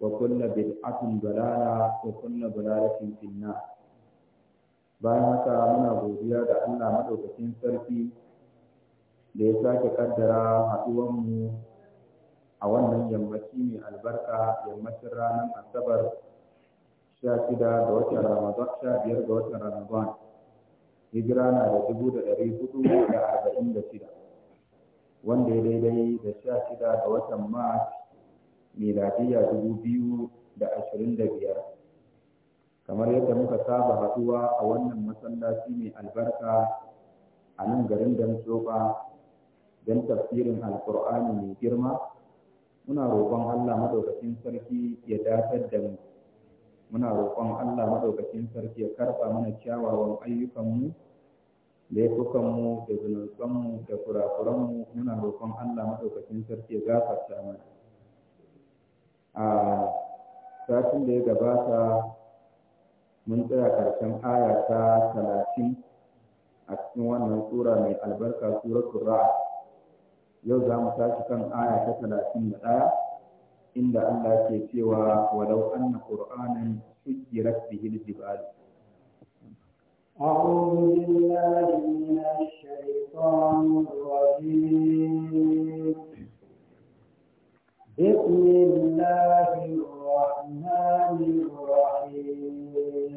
وكل بدعة ضلالة وكل ضلالة في النار bayan haka muna godiya ga Allah madaukakin sarki da ya sake kaddara mu. a wannan yammaci mai albarka yammacin ranar asabar sha shida ga watan ramadan sha na da dubu da ɗari hudu da arba'in da shida wanda ya daidai da sha shida ga watan mars miladiyya dubu biyu da ashirin da biyar kamar yadda muka saba haɗuwa a wannan masallaci mai albarka a nan garin damtsoba don tafsirin alkur'ani mai girma muna roƙon allah maɗaukacin sarki ya datar da mu muna roƙon allah maɗaukacin sarki ya karɓa mana kyawawan ayyukanmu laifukanmu da zunubanmu da kurakuranmu muna roƙon allah maɗaukacin sarki ya gafarta mana a satin da ya gabata mun tsaya karshen aya ta talatin a cikin wannan tsura mai albarka surar ra'a yau za mu tashi kan aya ta talatin da ɗaya inda Allah ke cewa walau anna qur'anan sujjirat bihi al أعوذ بالله من الشيطان الرجيم بسم الله الرحمن الرحيم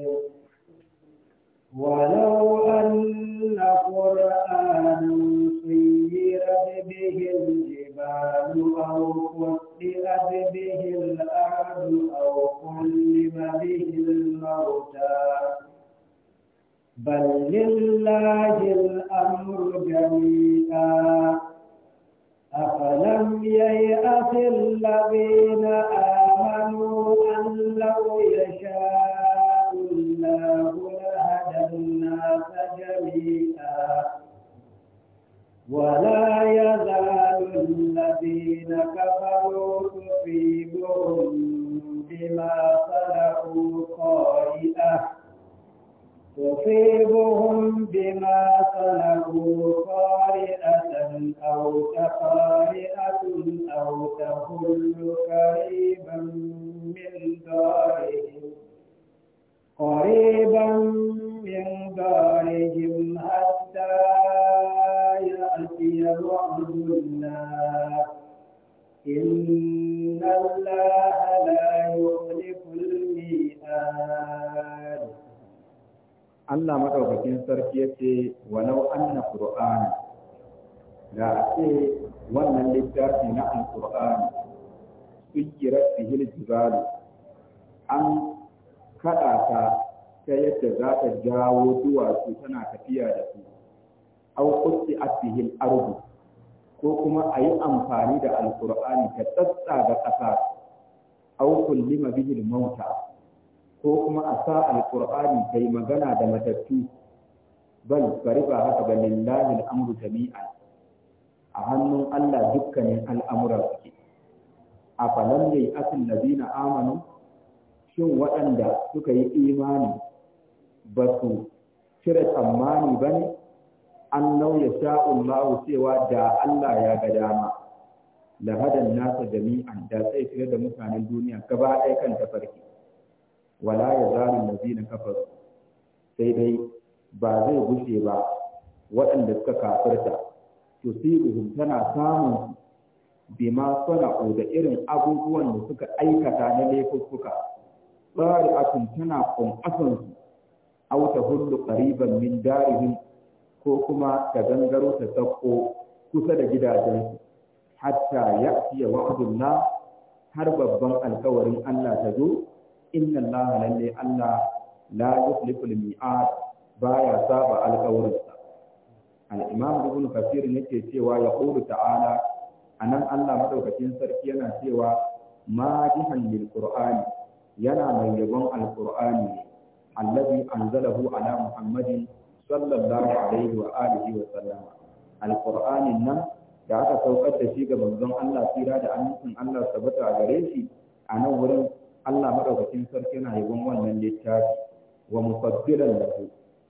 ولو أن قرآنا سيرت به الجبال أو قتلت به الأرض أو كلم به الموتى بل لله الأمر جميعا أفلم ييأس الذين آمنوا أن لو يشاء الله لهدى الناس جميعا ولا يزال الذين كفروا تصيبهم بما صنعوا قائلا تصيبهم بما صنعوا قارئة أو تقارئة أو تهل قريبا من دارهم قريبا من دارهم حتى يأتي وعد الله إن الله لا يخلف الميعاد Allah maɗaukakin sarki ya ce walau anna qur'ana da a ce wannan littafi na alqur'ani sukirat bihi jibalu an kaɗa ta ta yadda za ta jawo duwatsu tana tafiya da su au kusti bihi ardu ko kuma a yi amfani da alqur'ani ta tsatsa ga ƙasa au kullima bihi mauta ko kuma a sa alƙur'ani yi magana da matattu bal bari ba haka ba lillahi al'amru jami'an a hannun Allah dukkanin al'amuran suke a falon yayi asin Nazina amanu shin waɗanda suka yi imani ba su cire tsammani ba ne an nauya ma'u cewa da Allah ya ga dama lahadan nasa jami'an da tsaye fiye da mutanen duniya gaba ɗaya kan tafarki wala ya zalun lazina kafaru sai dai ba zai gushe ba waɗanda suka kafirta tusibuhum tana samun bima sana'u da irin abubuwan da suka aikata na laifuffuka tsari'atun tana kunkasan su aw ta hullu qariban min darihim ko kuma ta gangaro ta sauko kusa da gidajensu hatta fiye wa'dullah har babban alkawarin Allah ta zo inna allaha lalle allah la yukhlifu al-mi'ad baya saba alƙawarinsa al-imam ibn kathir yake cewa ya qulu ta'ala anan allah madaukakin sarki yana cewa madihan lil qur'ani yana mai yabon alqur'ani allazi anzalahu ala muhammadin sallallahu alaihi wa alihi wa sallam alqur'anin nan da aka saukar da shi ga manzon Allah tsira da amincin Allah tabbata a gare shi a nan wurin Allah madaukakin sarki yana yabon wannan littafi wa mufaddilan lahu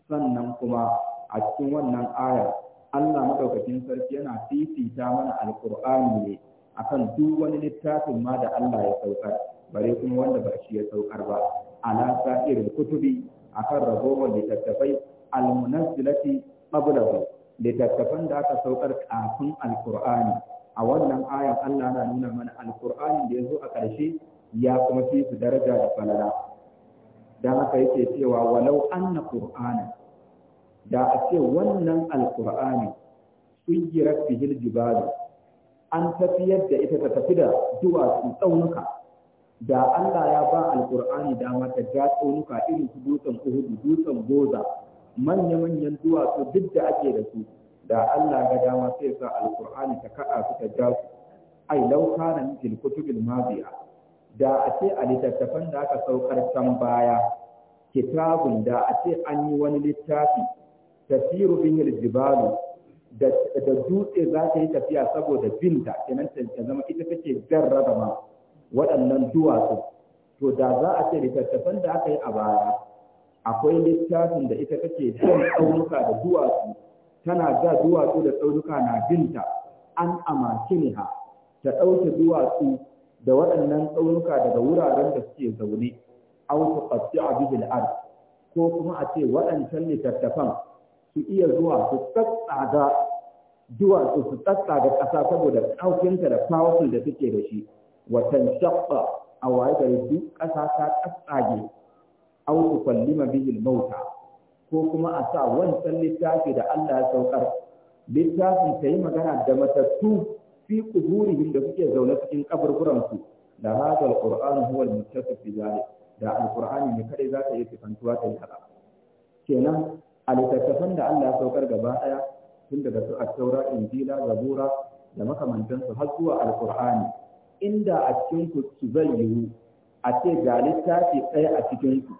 sannan kuma a cikin wannan aya Allah madaukakin sarki yana fifita mana alqur'ani ne akan duk wani littafin ma da Allah ya saukar bare kuma wanda ba shi ya saukar ba ala sa'irul kutubi akan ragowar littattafai almunazzilati qablahu littattafan da aka saukar kafin alqur'ani a wannan ayan Allah na nuna mana alqur'ani da ya zo a ƙarshe ya kuma fi su daraja da falala don haka yake cewa walau anna qur'ana da a ce wannan alqur'ani suyirat bihil jibalu an tafiyar da ita ta tafi da duwatsu tsaunuka da Allah ya ba alqur'ani dama ta ja tsaunuka irin su dutsen Uhudu, dutsen Goza manya-manyan duwatsu duk da ake da su da Allah ga dama sai sa alqur'ani ta ka'a su ta ja su ai law min kutubil mabiya da a ce a littattafan da aka saukar can baya kitabun da a ce an yi wani littafi tafsiru bihil jibalu da dutse za ta yi tafiya saboda binta kenan ta zama ita take jarraba ma waɗannan duwatsu to da za a ce littattafan da aka yi a baya akwai littafin da ita take jan tsaunuka da duwatsu tana ja duwatsu da tsaunuka na binta an ha ta ɗauke duwatsu da waɗannan tsaunuka daga wuraren da suke zaune aw tuqatti'a a al-ard ko kuma a ce waɗancan littattafan su iya zuwa su tsatsaga duwatsu su tsatsaga ƙasa saboda ƙaukinta da powerful da suke da shi watan shaɓa a waye gari duk ƙasa ta tsatsage aw tukallima bihi mauta ko kuma a sa wancan littafi da Allah ya saukar littafin ta yi magana da matattu fi quburihim da suke zaune cikin kaburburan su da hada alquran huwa almuttasif bi zalik da alqur'ani ne kadai za ta yi sifantuwa ta yi haka kenan a littattafan da Allah ya saukar gaba daya tun daga su at-taura injila zabura da makamantansu har zuwa alqur'ani inda a cikin ku su zai yiwu a ce ga littafi ɗaya a cikin ku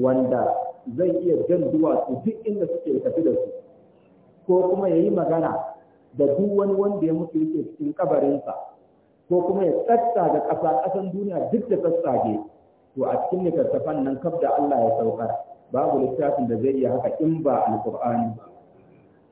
wanda zai iya jan duwatsu duk inda suke tafi da su ko kuma ya yi magana da duk wani wanda ya mutu yake cikin kabarinsa ko kuma ya tsatsaga ƙasa ƙasan duniya duk da tsatsage to a cikin littattafan nan kaf da Allah ya saukar babu littafin da zai iya haka in ba alqur'ani ba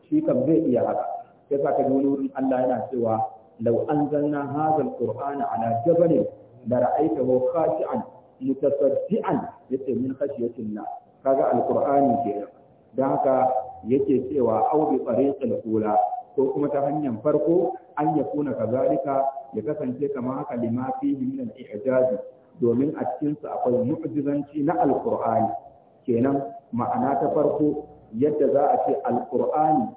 shi kam zai iya haka sai ka ji wurin Allah yana cewa law anzalna hadha alqur'ana ala jabalin la ra'aytahu khashi'an mutasaddian yace min khashiyatillah kaga alqur'ani kenan dan haka yake cewa au bi tariqil ula ko kuma ta hanyar farko an ya kuna kazalika ya kasance kamar haka lima fihi min al-i'jazi domin a cikin su akwai mu'jizanci na alqur'ani kenan ma'ana ta farko yadda za a ce alqur'ani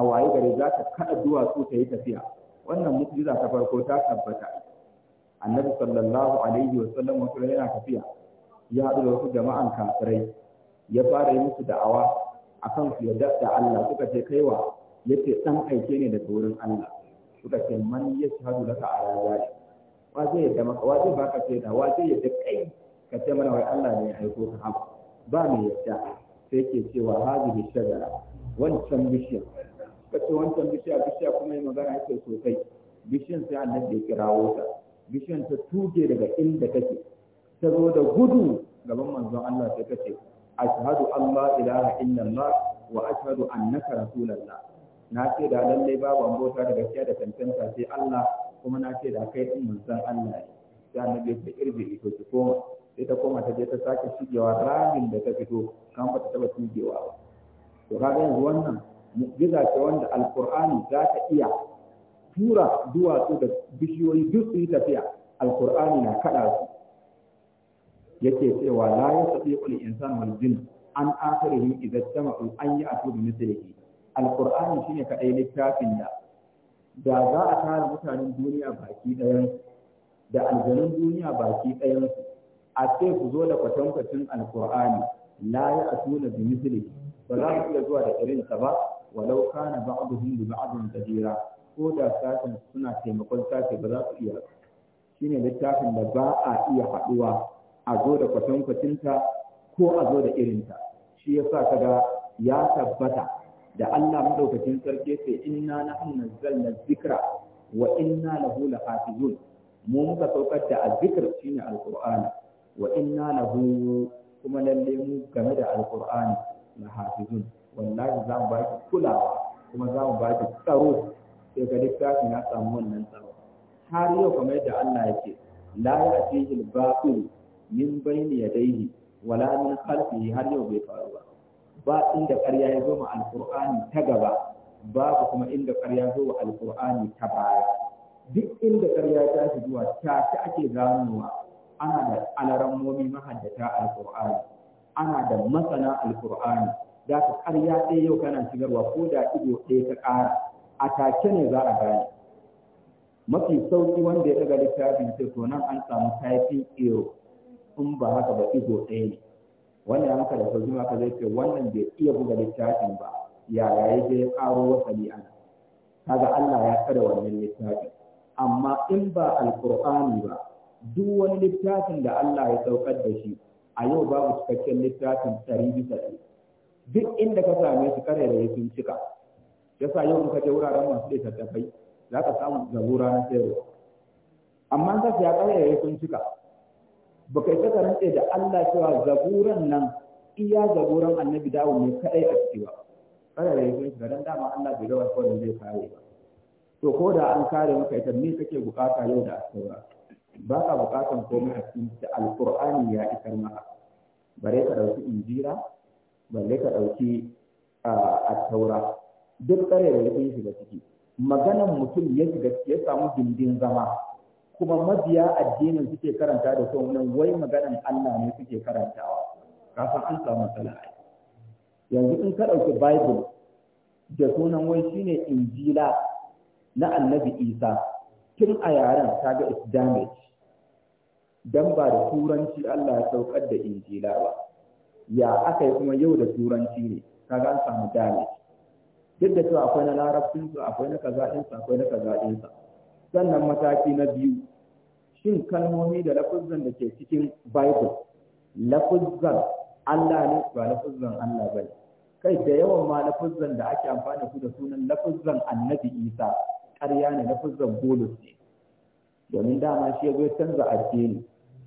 a waye gare za ta kada duwatsu ta yi tafiya wannan mu'jiza ta farko ta tabbata annabi sallallahu alaihi wa sallam wato yana tafiya ya haɗu da wasu jama'an kafirai ya fara yi musu da'awa akan su yadda da Allah suka ce kaiwa yace dan aike ne daga wurin Allah suka ce man yashhadu laka ala zalik wa zai yadda maka wa zai baka shaida wa zai yadda kai ka ce mana wai Allah ne ya haiko ka haka ba mai yadda sai ke cewa hadhihi shajara wancan bishiya kace wancan bishiya bishiya kuma yi magana yake sosai bishiyan sai annabi ya kirawo ta bishiyan ta tuge daga inda kake ta zo da gudu gaban manzon Allah sai ka ce ashhadu an la ilaha illallah wa ashhadu annaka rasulullah na ce da lallai babu an bauta da gaskiya da tantanta sai Allah kuma na ce da kai din san Allah ne sai annabi ta irbi ito ki koma sai ta koma ta je ta sake shigewa ramin da ta fito kan ba ta taba shigewa ba to kaga yanzu wannan mu'jiza ce wanda alqur'ani za ta iya tura duwatsu da bishiyoyi duk su yi tafiya alqur'ani na kada su yake cewa la yasabiqu al-insanu wal jinn an akhirihim idza jama'u an ya'tu bi mithlihi alkur'ani shine kaɗai littafin da da za a tara mutanen duniya baki ɗayan da aljanun duniya baki ɗayan su a ce ku zo da kwatankwacin alkur'ani la ya atuna bi misli ba za ku iya zuwa da irin sa ba walau kana ba'dhum bi ba'dhin tajira ko da sashen suna taimakon sashe ba za su iya shine littafin da ba a iya haɗuwa a zo da kwatankwacinta ko a zo da irinta shi yasa kaga ya tabbata da Allah madaukakin sarki sai inna nahnu nazzalna dhikra wa inna lahu lahafizun mu muka saukar da azzikr shine alqur'ani wa inna lahu kuma lalle mu game da alqur'ani lahafizun wallahi za mu ki kulawa kuma za mu ki tsaro sai ga littafi na samu wannan tsaro har yau kamar yadda Allah yake la ya'tihi al-batil min bayni yadayhi wala min khalfihi har yau bai faru ba ba inda ƙarya ya zo ma alƙur'ani ta gaba babu kuma inda ƙarya zo wa alƙur'ani ta baya duk inda ƙarya ta shi zuwa ta ta ake ganowa ana da alarammomi mahaddata alƙur'ani ana da masana alƙur'ani za ka ƙarya ɗaya yau kana shigarwa ko da ido ɗaya ta ƙara a take ne za a gane mafi sauƙi wanda ya daga littafin sai to nan an samu typing error in ba haka ba ido ɗaya ne wanda haka da sauki maka zai ce wannan bai iya buga littafin ba yaya ya je ya karo wasali ana kaga Allah ya tsare wannan littafin amma in ba alqur'ani ba duk wani littafin da Allah ya saukar da shi a yau babu cikakken littafin tsari bisa ɗari duk inda ka same su kare da sun cika yasa yau in ka je wuraren masu littattafai za ka samu zabura na sayarwa amma za ya kare da sun cika baka isa ka rantse da Allah cewa zaburan nan iya zaburan annabi dawo ne kadai a ciki ba kada da yake ga dan dama Allah bai rawa ko zai kare ba to ko da an kare maka ita me kake bukata yau da asaura ba ka bukatan komai a cikin da alqur'ani ya isar maka bare ka dauki injira balle ka dauki a taura duk tsare da yake shiga ciki maganan mutum ya shiga ya samu gindin zama kuma mabiya addinin suke karanta da son nan wai maganan Allah ne suke karantawa kafin an samu matsala yanzu in ka ɗauki bible da sunan wai shine injila na annabi isa tun a yaren kaga it damage dan ba da turanci Allah ya saukar da injila ba ya aka yi kuma yau da turanci ne kaga an samu damage duk da cewa akwai na larabcinsu akwai na kaza akwai na kaza sannan mataki na biyu shin kalmomi da lafuzzan da ke cikin Bible lafuzzan Allah ne ba lafuzzan Allah ba kai da yawan ma lafuzzan da ake amfani su da sunan lafuzzan Annabi Isa ƙarya ne lafuzzan Bulus ne domin dama shi ya zo canza addini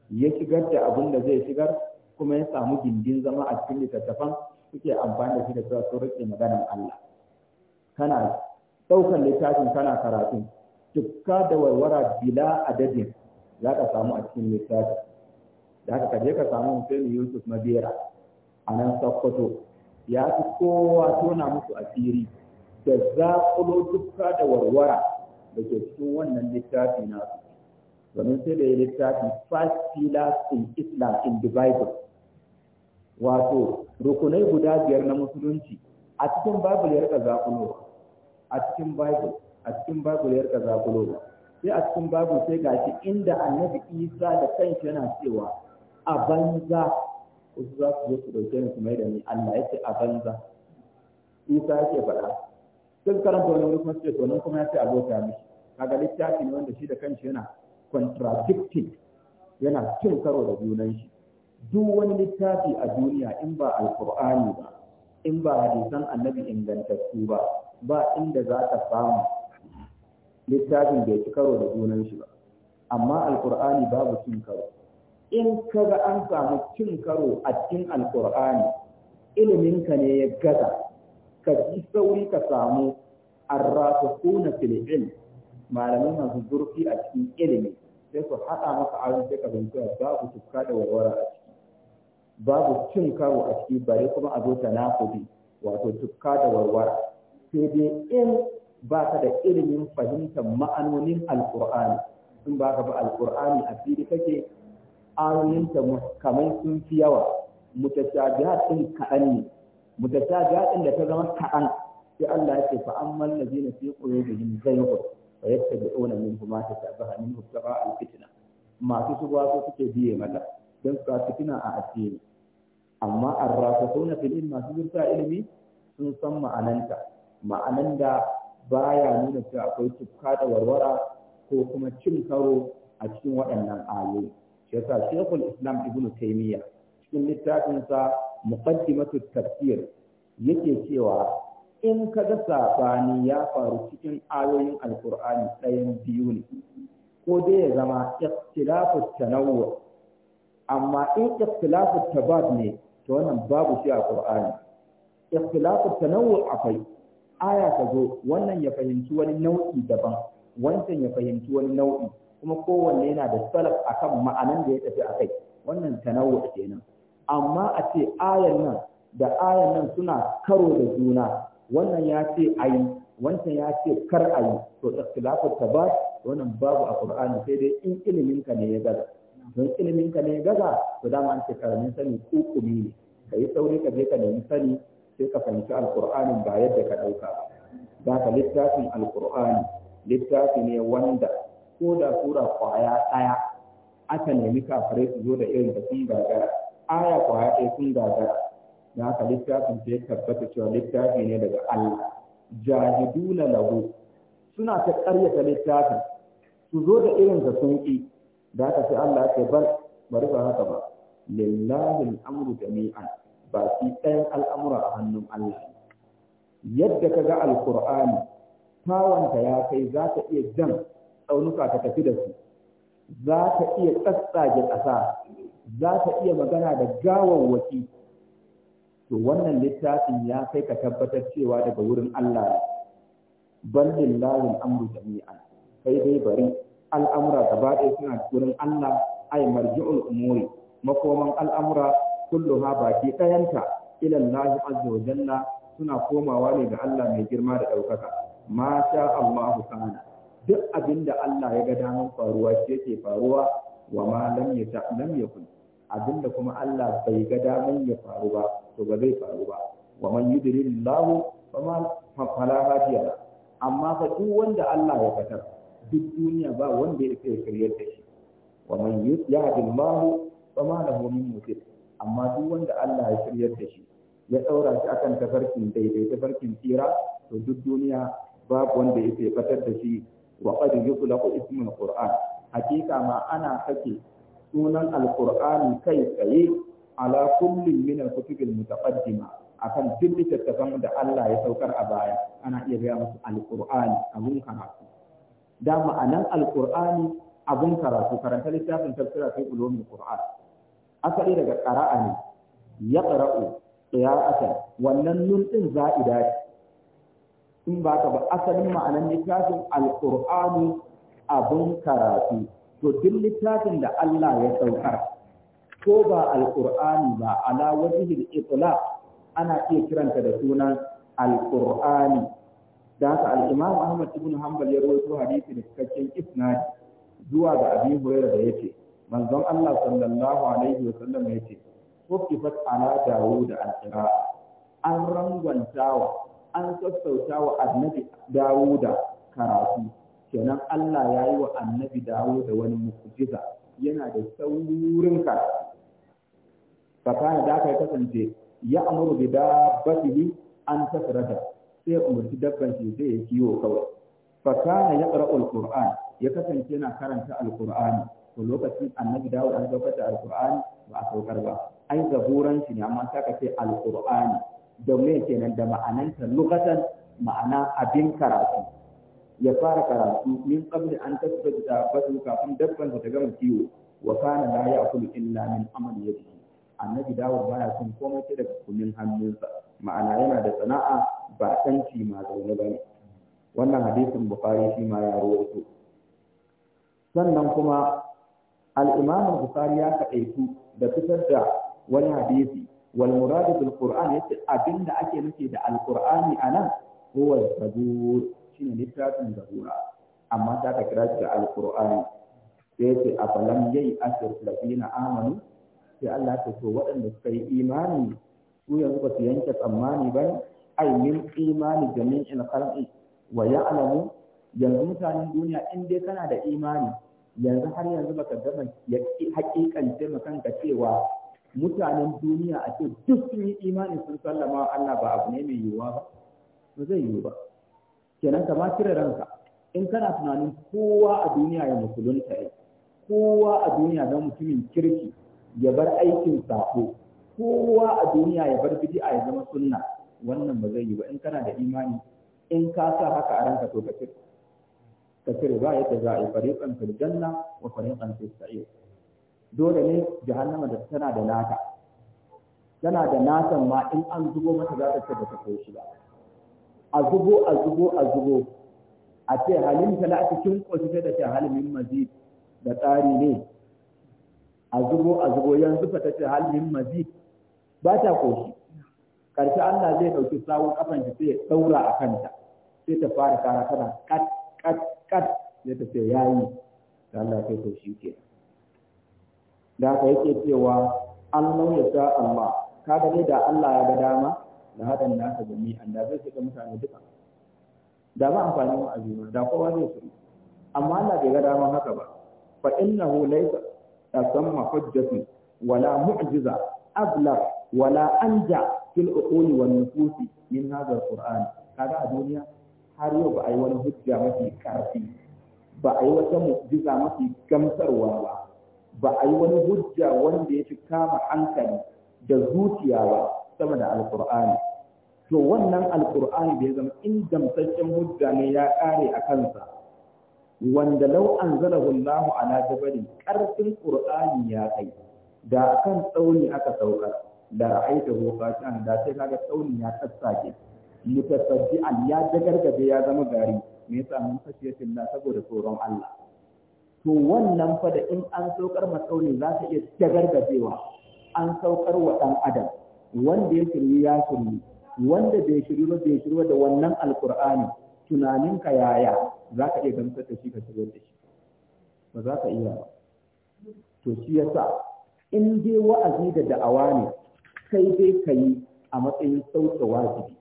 ya shigar da abin da zai shigar kuma ya samu gindin zama a cikin littattafan suke amfani da shi da cewa sun rike maganar Allah kana ɗaukar littafin kana karatun tukka da warwara bila adadin za ka samu a cikin littafi da haka kaje ka samu Hussein Yusuf Mabera a nan Sakkwato? ya fi kowa tona musu asiri da zaƙulo dukka da warwara da ke cikin wannan littafi nasu domin sai da ya littafi five pillars in Islam in the Bible wato rukunai guda biyar na musulunci a cikin Bible ya rika zaƙulo a cikin Bible a cikin Bible ya rika ba. sai a cikin babu sai ga shi inda annabi isa da kanshi yana cewa a banza wasu za su zo su dauke ni su mai da ni allah ya ce a banza isa ya ce faɗa sun karanta wani wuri kuma su to nan kuma ya ce a bauta mishi kaga littafi ne wanda shi da kanshi yana contradicting yana cin karo da junan shi duk wani littafi a duniya in ba alkur'ani ba in ba hadisan annabi ingantattu ba ba inda za ka samu littafin bai ci karo da junan shi ba amma alkur'ani babu cin karo in kaga an samu cin karo a cikin alkur'ani ka ne ya gaza ka ji sauri ka samu arrafiquna fil ilm malamin masu zurfi a cikin ilimi sai su haɗa maka ayoyi sai ka zanci babu tukka da warwara a ciki babu cin karo a ciki bare kuma a zo ta nakudi wato tukka da warwara sai dai in ba ka da ilimin fahimtar ma'anonin alkur'ani sun ba ka ba alkur'ani a fili kake ayoyinta kamar sun fi yawa mutashabihat din kaɗan ne mutashabihat din da ta zama kaɗan sai Allah ya ce fa ammal ladina fi qulubihim zayghun wa yattabi'una min huma tashabaha min ibtigha al-fitna masu shugaba su suke biye mata don su fitina a addini amma arrasatuna fil ilmi masu zurfa ilimi sun san ma'ananta ma'anan da baya nuna cewa akwai tuka da warwara ko kuma cin karo a cikin waɗannan ayoyi shi yasa Shekul Islam Ibn Taymiyyah cikin littafin sa Muqaddimatu Tafsir yake cewa in ka ga sabani ya faru cikin ayoyin Alkur'ani ɗayan biyu ne ko dai ya zama ikhtilafu tanawwu amma in ikhtilafu tabad ne to wannan babu shi a Qur'ani ikhtilafu tanawwu akwai aya ta zo wannan ya fahimci wani nau'i daban wancan ya fahimci wani nau'i kuma kowanne yana da salaf akan ma'anan da ya tafi a kai wannan tanawu kenan amma a ce ayan nan da ayan nan suna karo da juna wannan ya ce ayi wancan ya ce kar ayi to ikhtilafu tabat wannan babu a qur'ani sai dai in ilimin ka ne ya gaza don ilimin ka ne ya gaza to dama an ce karamin sani ko kukumi ne kai sauri ka je ka nemi sani sai ka fahimci alkur'anin ba yadda ka ɗauka ba ka littafin alkur'ani littafi ne wanda ko da sura kwaya ɗaya aka nemi kafirai su zo da irin da sun gagara aya kwaya ɗaya sun gagara da ka littafin sai tabbata cewa littafi ne daga Allah jahiduna lahu suna ta ƙaryata littafin su zo da irin da sun ƙi da ka sai Allah ya ce bar bari ba haka ba lillahi al-amru jami'an baki ɗayan al'amura a hannun Allah yadda ka ga alkur'ani tawanta ya kai za ta iya jan tsaunuka ta tafi da su za ta iya tsatsage ƙasa za ta iya magana da gawawwaki to wannan littafin ya kai ka tabbatar cewa daga wurin Allah bal lillahi amru jami'an kai dai bari al'amura gaba ɗaya suna wurin Allah ay marji'ul umuri makoman al'amura kulluha baki ɗayanta ila Allah azza wa jalla suna komawa ne ga Allah mai girma da ɗaukaka ma sha Allahu ta'ala duk abin da Allah ya ga damar faruwa shi yake faruwa wa ma lam yata lam yakun abin da kuma Allah bai ga damar ya faru ba to ba zai faru ba wa man yudlilillahu fa ma fala hadiya amma fa duk wanda Allah ya fatar duk duniya ba wanda ya sai kiryar da shi wa man yahdillahu fa ma lahu min mutir amma duk wanda Allah ya shiryar da shi ya ɗaura shi akan tafarkin daidai tafarkin tsira to duk duniya babu wanda ya ke fatar da shi wa qad yutlaqu ismul qur'an hakika ma ana sake sunan alqur'ani kai tsaye ala kullin min al-kutubil mutaqaddima akan duk littattafan da Allah ya saukar a baya ana iya gaya musu alqur'ani abun karatu da ma'anan alqur'ani abun karatu karanta littafin tafsira fi ulumul qur'an asali daga qara'a ne ya qara'u qira'atan wannan nun din za'ida ce in ba ka ba asalin ma'anar littafin alqur'ani abun karatu to duk littafin da Allah ya saukar ko ba alqur'ani ba ala wajhil itla ana iya kiranta da sunan alqur'ani da haka al-Imam Ahmad ibn Hanbal ya rawaito hadisi da cikakken isnad zuwa ga Abi Hurairah da yake manzon Allah sallallahu alaihi wasallam ya ce kufifat ala dawud al-qira an rangwantawa an sassautawa annabi dawuda karatu kenan Allah ya yi wa annabi dawuda wani mukjiza yana da saurin karatu fakana da aka kasance ya amuru bi dabbatihi an tasrada sai umarci dabban shi zai yi kiwo kawai fakana ya al qur'an ya kasance yana karanta al-qur'ani to lokacin annabi dawo an saukar da alqur'ani ba a saukar ba ai shi ne amma sai ka ce alqur'ani da me kenan da ta lugatan ma'ana abin karatu ya fara karatu min qabli an tasbata da fasu kafin dabban ta gama kiwo wa kana la ya'kulu illa min amali yadi annabi dawo baya son komai sai daga kunin hannunsa ma'ana yana da sana'a ba tanci ma zaune ne. wannan hadisin bukhari shi ma ya rawaito sannan kuma al-imam bukhari ya faɗaitu da fitar da wani hadisi wal murad bil qur'an yace abinda ake nufi da al-qur'ani anan huwa zabur shine littafin zabura amma ta ka kira shi da al-qur'ani sai yace afalam yai asir ladina amanu sai Allah ta ce waɗanda suka yi imani su yanzu ba su yanke tsammani ba ai min imani jami'in khalqi wa ya'lamu yanzu mutanen duniya in dai kana da imani yanzu har yanzu baka gama ya hakikance ma kanka cewa mutanen duniya a ce duk sun yi imani sun sallama Allah ba abu ne mai yiwuwa ba ba zai yiwu ba kenan ka ma kira ranka in kana tunanin kowa a duniya ya musulunta ne kowa a duniya na mutumin kirki ya bar aikin sako kowa a duniya ya bar bid'a ya zama sunna wannan ba zai yi ba in kana da imani in ka sa haka a ranka to ka cire ka cire ba yadda za a yi fariƙan fil janna wa fariƙan fil sa'ir dole ne jahannama da tana da nata tana da nata, ma in an zubo mata za ta ce ba ta kai shi ba a zubo a zubo a zubo a ce halin ta la cikin koshi da ce halin mazid da tsari ne a zubo a zubo yanzu fa ta ce halin mazid ba ta koshi karshe Allah zai ɗauki sawun kafan ta sai ya daura a kanta sai ta fara kara tana kat kat kat ya tafi ya yi da Allah kai to shi ke da haka yake cewa Allah ya sa amma ka dai da Allah ya ga dama da hadan nasa jami'an da zai shiga mutane duka da ba amfani mu azuma da kowa zai shiga amma Allah bai ga dama haka ba fa innahu laysa tasamma hujjatun wala mu'jiza ablaq wala anja fil uquli wan nufusi min hadha alquran kaga a duniya har yau ba a yi wani hujja mafi ƙarfi ba a yi wata mu'jiza mafi gamsarwa ba ba a yi wani hujja wanda ya fi kama hankali da zuciya ba sama da alkur'ani to wannan alkur'ani da ya zama ingantaccen hujja ne ya ƙare a kansa wanda lau an zala hullahu a jabari ƙarfin ƙur'ani ya kai da kan tsauni aka saukar da ra'ayi da hukashen da sai kaga tsauni ya tsatsage an ya dagargaje ya zama gari me yasa mun shi na saboda tsoron Allah to wannan fa da in an saukar matsauni za ta iya dagargajewa an saukar wa dan adam wanda ya shiryu ya shiryu wanda bai shiru ba bai shiru da wannan alqur'ani tunaninka yaya za ka iya gamsar da shi ka shigar da shi ba za ka iya ba to shi yasa in dai wa'azi da da'awa ne kai dai kayi a matsayin sauke wajibi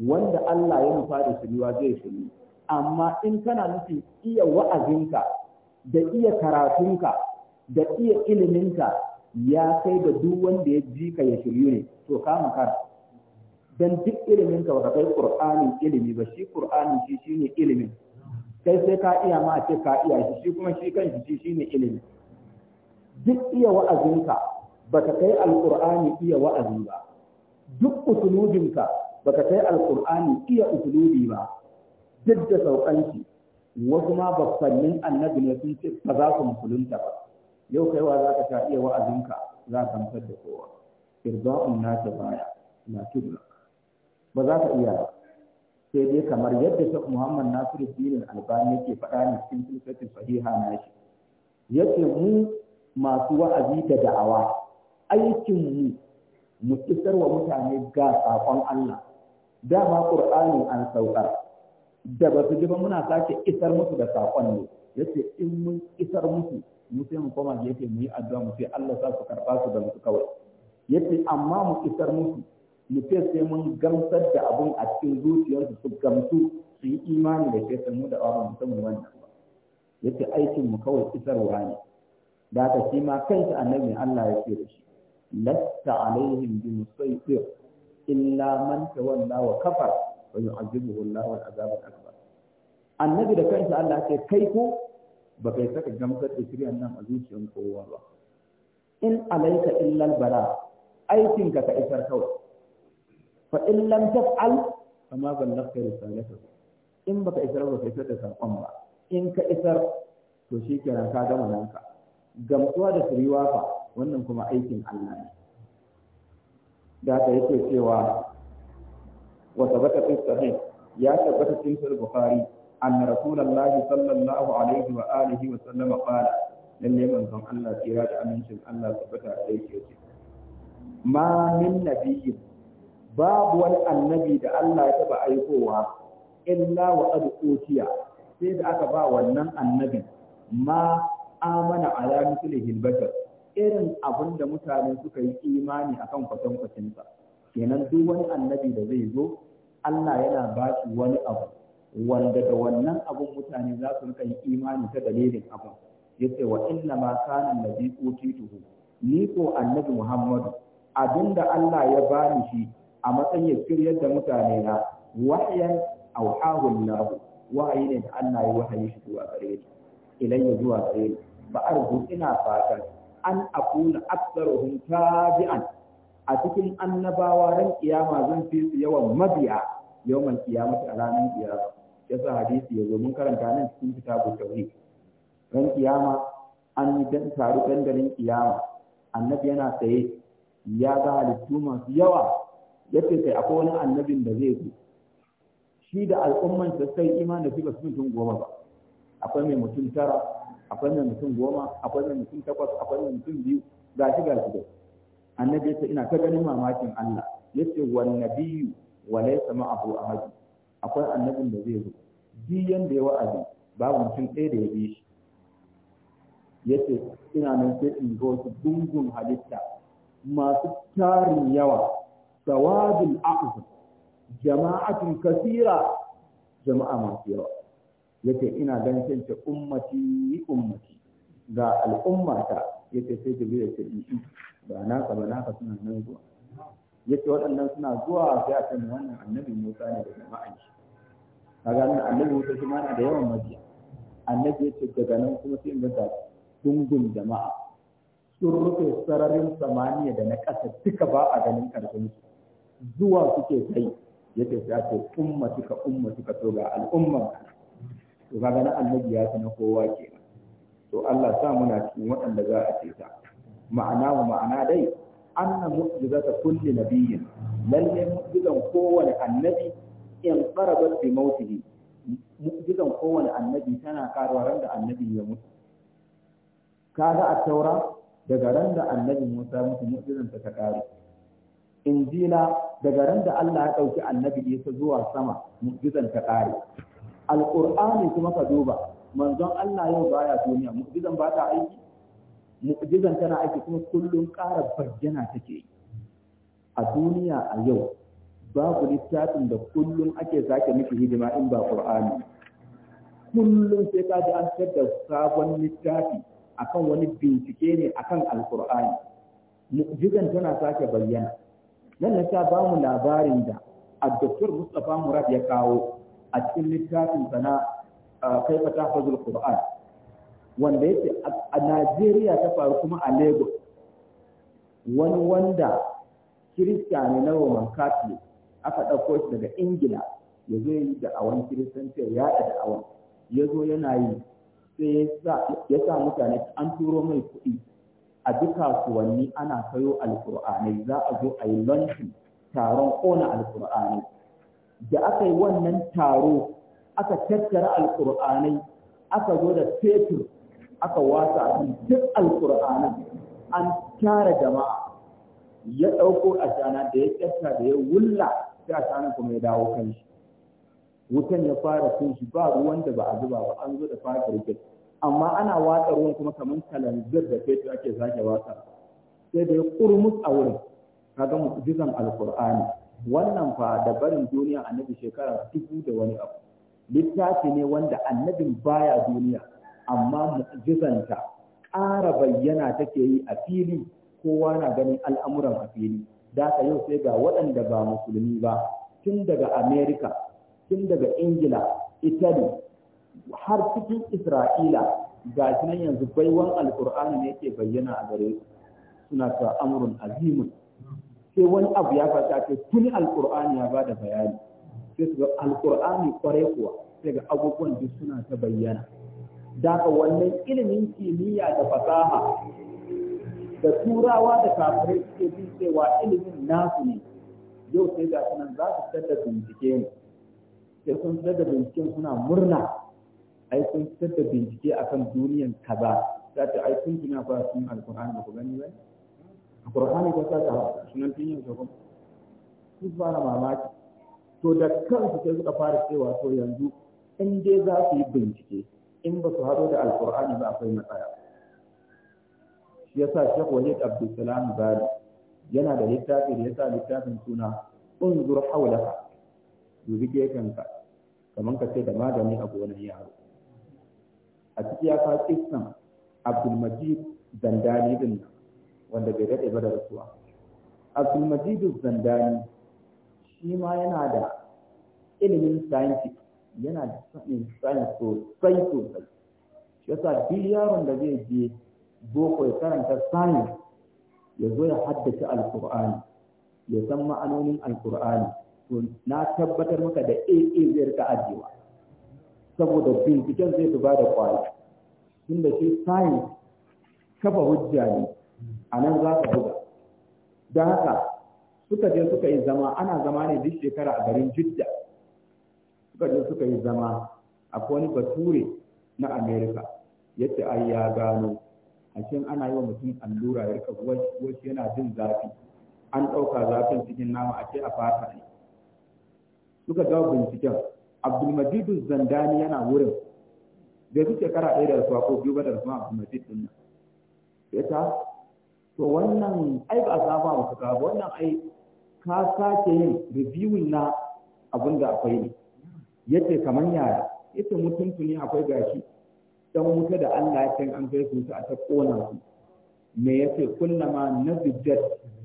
wanda Allah ya nufa da shiriwa zai shiri amma in kana nufin iya wa'azinka da iya karatunka da iya iliminka ya kai da duk wanda ya ji ka ya shiryu ne to kama kan dan duk iliminka ba kai Ƙur'anin ilimi ba shi Ƙur'anin shi shine ilimin kai sai ka iya ma ce ka iya shi shi kuma shi kan shi shine ilimin, duk iya wa'azinka ba ka kai Al’ur'ani iya wa'azi ba duk usulubinka baka kai alkur'ani iya usulubi ba duk da saukanki wasu ma babbannin annabi ne sun ce ba za ku musulunta ba yau kaiwa za ka sha iya wa'azinka za ka mutar da kowa irza'un nata baya na tubla ba za ka iya ba sai dai kamar yadda Sheikh Muhammad Nasiru Dinin Albani yake faɗa ne cikin silsilatul sahiha shi yace mu masu wa'azi da da'awa aikin mu mu isar wa mutane ga sakon Allah dama qur'ani an saukar da ba su ji ba muna sake isar musu da sakon ne yace in mun isar musu mu sai mu koma ce mu yi addu'a mu sai Allah za su karba su da musu kawai yace amma mu isar musu mu ce sai mun gamsar da abun a cikin zuciyarsu su gamsu su yi imani da ke mu da awa mu wannan ba yace aikin mu kawai isarwa ne da ta shi ma kanta annabi Allah ya ce da shi lasta alaihim bi musaytir illa man tawalla wa kafar wa yu'azibuhu Allah wal azab al akbar annabi da kansa Allah ce kai ko ba kai saka gamsar da shirya nan a zuciyar kowa ba in alaika illa al bala aikin ka ka isar kawai fa in lam taf'al fama ballagta risalatahu in baka isar ba kai saka da sakon ba in ka isar to shikenan ka gama nanka gamsuwa da shiriwa fa wannan kuma aikin Allah ne da haka yake cewa wa sabata fi sahih ya tabbata cikin sahih bukhari anna rasulullahi sallallahu alaihi wa alihi wa sallam qala lalle manzon Allah kira da amincin Allah tabbata da yake ce ma min nabiyyin babu wani annabi da Allah ya taba aikowa illa wa qad utiya sai da aka ba wannan annabi ma amana ala mislihi bashar irin abin da mutane suka yi imani akan kwatankwacinsa kenan duk wani annabi da zai zo Allah yana ba shi wani abu wanda da wannan abun mutane za su rika yi imani ta dalilin abun yace wa inna ma kana allazi utituhu ni ko annabi Muhammadu abinda Allah ya bani shi a matsayin ya shiryar da mutane na wahyan auhahu ne da Allah ya wahayi shi zuwa gare ni ilayya zuwa gare ni ba arzu ina fatan an akuna aktsaruhum tabi'an a cikin annabawa ran kiyama zan fi su yawan mabiya yawan kiyama a ranar kiyama yasa hadisi ya zo mun karanta nan cikin kitabu tauhid ran kiyama an yi dan taru dandalin kiyama annabi yana tsaye ya ga halittu masu yawa yace sai akwai wani annabin da zai zo shi da al'umman sa sai da su ba su mutum goma ba akwai mai mutum tara akwai mai mutum goma akwai mai mutum takwas akwai mai mutum biyu gashi shi dai annabi ya ce ina ta ganin mamakin Allah yace wal nabiyyu wa laysa ma'ahu ahad akwai annabin da zai zo duk yanda ya wa'azi babu mutum ɗaya da ya bi shi yace ina nan sai in ga wasu dungun halitta masu tarin yawa sawadul a'zam jama'atun kasira jama'a masu yawa yace ina ganin sai ce ummati ummati ga al'ummata yace sai ta biya ce ba na ka ba na ka suna nan zuwa yace waɗannan suna zuwa sai a ce wannan annabi Musa ne da jama'a shi kaga nan annabi Musa shi ma yana da yawan mabiya annabi yace daga nan kuma sai ga ga dungun jama'a sun rufe sararin samaniya da na ƙasa duka ba a ganin ƙarfin su zuwa suke kai yace sai a ce ummatuka ummatuka to ga al'umman to kaga na annabi ya fi na kowa kenan to Allah sa muna cikin waɗanda za a ta. ma'ana wa ma'ana dai anna mu'jizata kulli nabiyyin lalle mu'jizan kowane annabi in qarabat bi mautihi mu'jizan kowane annabi tana karuwa ran da annabi ya mutu kaga a taura daga ran da annabi Musa mutu mu'jizan ta karu injila daga ran da Allah ya dauki annabi Isa zuwa sama mu'jizan ta karu alqur'ani kuma ka duba manzon Allah yau ba ya duniya mu'jizan ba ta aiki mu'jizan tana aiki kuma kullum ƙara bayyana take yi a duniya a yau babu littafin da kullum ake sake miki hidima in ba ƙur'ani. kullum sai ka ji an da sabon littafi akan wani bincike ne akan alqur'ani mu'jizan tana sake bayyana nan na ta ba mu labarin da Addu'ar Mustapha Murad ya kawo a cikin littafin na kai fa tahfazul qur'an wanda yake a Najeriya ta faru kuma a Lagos wani wanda kirista ne na Roman Catholic aka ɗauko shi daga Ingila ya zo yi da'awan kiristanci ya da awon, ya zo yana yi sai ya sa mutane an turo mai kuɗi a duk kasuwanni ana kayo alkur'anai za a zo a yi luncheon taron ƙona alkur'anai da aka yi wannan taro aka tattara alkur'anai aka zo da fetur aka wasa a duk alkur'anan an tara jama'a ya ɗauko a da ya tsafta da ya wulla sai a kuma ya dawo kan shi wutan ya fara sun shi ba ruwan da ba a zuba ba an zo da fatar gid amma ana watsa ruwan kuma kamar kalanzir da fetur ake sake watsa sai da ya kurmus a wurin kaga mu'jizan alkur'ani wannan fa da barin duniya annabi shekara dubu da wani abu littafi ne wanda annabin baya duniya amma mu'jizanta ƙara bayyana take yi a fili kowa na ganin al'amuran a fili da ka yau sai ga waɗanda ba musulmi ba tun daga america tun daga ingila italy har cikin isra'ila ga nan yanzu baiwan alƙur'ani ne yake bayyana a gare su suna ta amurin azimun sai wani abu ya faɗi a ce tuni alƙur'ani ya bada bayani sai su ga alƙur'ani kwarai kuwa sai ga abubuwan duk suna ta bayyana Da ka wannan ilimin kimiyya da fasaha da turawa da kafirai suke bin cewa ilimin nasu ne yau sai ga sunan za su fitar da bincike ne sai sun fitar da binciken suna murna ai sun fitar da bincike akan duniyan kaza za ta ai sun gina fara sun alƙur'ani ba ku gani ba a qur'ani ka sa ta sunan tinyin gaban su fara mamaki to da kansu sai suka fara cewa to yanzu in dai za su yi bincike in ba su haɗo da Alƙur'ani ba akwai matsala shi yasa Sheikh Wahid Abdulsalam Bali yana da littafi da yasa littafin suna unzur hawlaka dubi gefenka kamar ka ce da magani a gonar yaro a ciki ya fa kissan abdulmajid dandali din nan wanda bai daɗe ba da rasuwa abdulmajid zandani shi ma yana da ilimin sayansi yana da sanin sayan sosai sosai shi yasa duk yaron da zai je boko ya karanta sayan ya zo ya haddace alkur'ani ya san ma'anonin alkur'ani to na tabbatar maka da AA zai rika ajiyewa saboda binciken zai fi da kwari tunda shi sayan kafa hujja ne a nan za ka buga don haka suka je suka yi zama ana zama ne duk shekara a garin jidda suka je suka yi zama a wani bature na amerika yadda ai ya gano ashin ana yi wa mutum allura ya rika wasu yana jin zafi an ɗauka zafin cikin nama a ce a fata ne suka ga binciken abdulmajid zandani yana wurin bai fi shekara ɗaya da rasuwa ko biyu ba da rasuwa abdulmajid din nan ya ta to wannan ai ba a ba ka wannan ai ka sake yin reviewing na abin da akwai ne yace kaman yaya yace ne akwai gashi dan wuta da Allah ya san an kai su a ta kona su me yace kullama nazijat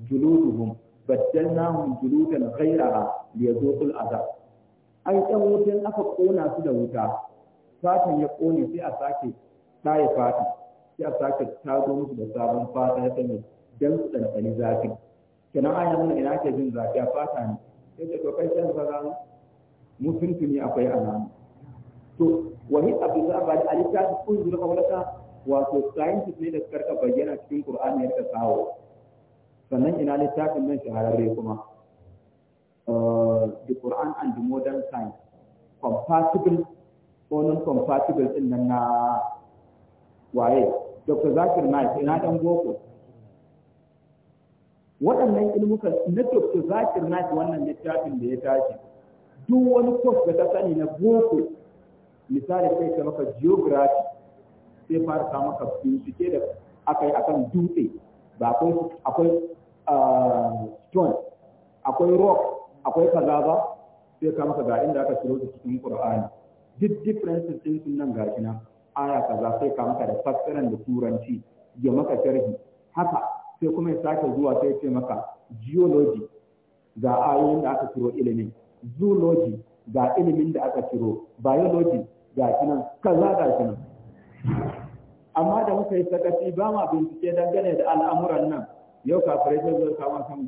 juluduhum baddalnahum juludan ghayraha liyazuqul azab ai dan wutan aka kona su da wuta satan ya kone sai a sake ɗaya fatan ya a sake tazo musu da sabon fata ya sani don su ɗanɗani zafin kenan an mana ina ke jin zafi a fata ne sai ce to kai can fara mu tuntuni akwai alama to wahid abdullahi abadi a ta fi kun zuru hawlata wato scientist ne da karka bayyana cikin qur'ani ya kawo sannan ina littafin nan shahararre kuma eh, the Quran and the modern science compatible ko non compatible din nan na waye dr zakir naik ina ɗan boko waɗannan ilmukan na dr zakir naik wannan littafin da ya tashi duk wani kwas da ta sani na boko misali sai ka maka geography sai fara ka maka bincike da aka yi akan dutse ba akwai akwai ah, stone akwai rock akwai kaza ba sai ka maka ga inda aka shiro su cikin qur'ani duk differences din sun nan gashi na aya kaza sai ka maka da fassaran da turanci ya maka sharhi haka sai kuma ya sake zuwa sai ce maka geology ga ayoyin da aka ciro ilimin zoology ga ilimin da aka ciro biology ga kinan kaza ga kinan amma da muka yi sakaci ba ma bincike dangane da al'amuran nan yau ka fara yi zai kama kan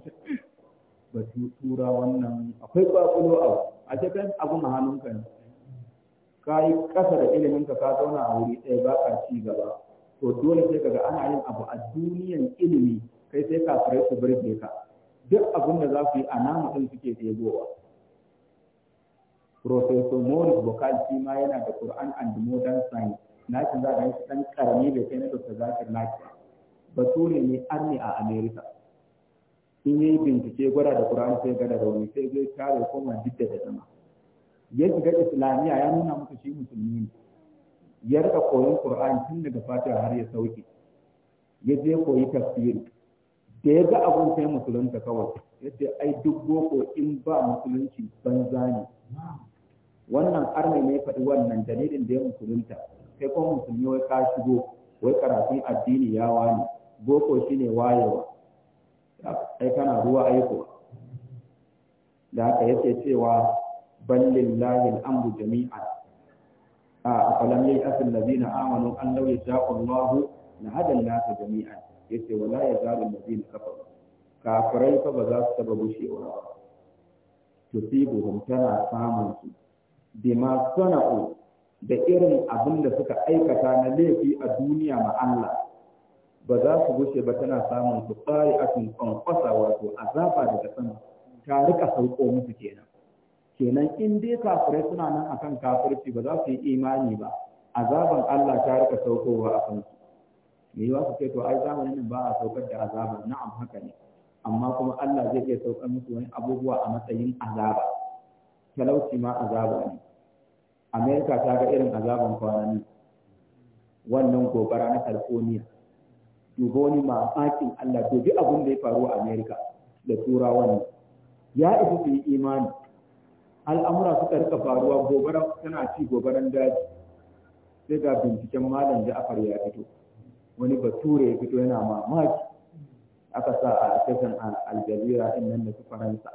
ba tura wannan akwai kwakwalo a a cikin abu hannunka ne ka yi ƙasa da ilimin ka ka zauna a wuri ɗaya ba ka ci gaba to dole sai kaga ana yin abu a duniyan ilimi kai sai fara su bari ka duk abin da za su yi a namu din suke tegowa Professor Morris Bokal shi ma yana da Quran and Modern Science nashi za a yi ɗan ƙarami da kai na Dr. Zakir ba bature ne arni a America in yi bincike gwada da Quran sai gada da wani sai zai kare kuma jidda da zama ya shiga islamiyya ya nuna musu shi musulmi ne ya rika koyon qur'ani tun daga fatiha har ya sauke ya je koyi tafsiri da ya ga abun sai musulunta kawai yadda ai duk boko in ba musulunci banza ne wannan arne ne faɗi wannan dalilin da ya musulunta sai kuma musulmi wai ka shigo wai karatun addini ya wani boko shine wayewa ai kana ruwa aiko da haka yace cewa بل لله الأمر جميعا أفلم ييأس الذين آمنوا أن لو يشاء الله لهدى الناس جميعا yace wala ya zalu ladina kafaru kafirai fa ba za su taba gushewa ba tusibuhum tana samun su bima sana'u da irin abin da suka aikata na laifi a duniya ma Allah ba za su gushe ba tana samun su tsari a tun kwankwasa wato azaba daga sama ta rika sauko musu kenan kenan in dai kafirai suna nan akan kafirci ba za su yi imani ba azaban Allah ta rika saukowa a kan su me yiwa su ce to ai zamanin nan ba a saukar da azaba na'am haka ne amma kuma Allah zai iya saukar musu wani abubuwa a matsayin azaba talauci ma azaba ne Amerika ta ga irin azaban kwanani wannan gobara na California dubo ni mamakin Allah to duk abin da ya faru a Amerika da turawan ya isa su yi imani al'amura suka rika faruwa gobaran tana ci gobaran daji sai ga binciken malam ja'afar ya fito wani bature ya fito yana mamaki aka sa a tashan aljazira din nan da su faransa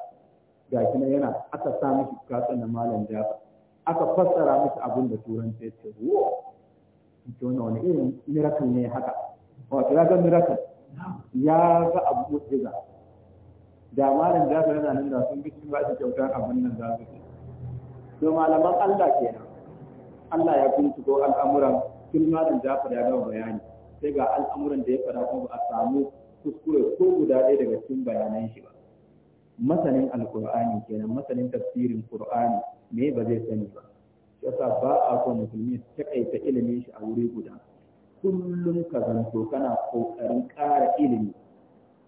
ga shi nan yana aka sa mishi katsan na malam ja'afar aka fassara mishi abin da turanci ya ce wo ita wani wani irin miracle ne haka wato ya ga miracle ya ga abu mu'jiza da malam da su yana nan da sun bi sun ba kyautar abin nan za su yi to malaman Allah kenan Allah ya ko al'amuran tun malam Jafar ya gama bayani sai ga al'amuran da ya fara kuma ba a samu kuskure ko guda ɗaya daga cikin bayanan shi ba masanin alkur'ani kenan masanin tafsirin qur'ani me ba zai sani ba yasa ba a so musulmi ta kaita ilimin shi a wuri guda kullum ka zanto kana kokarin ƙara ilimi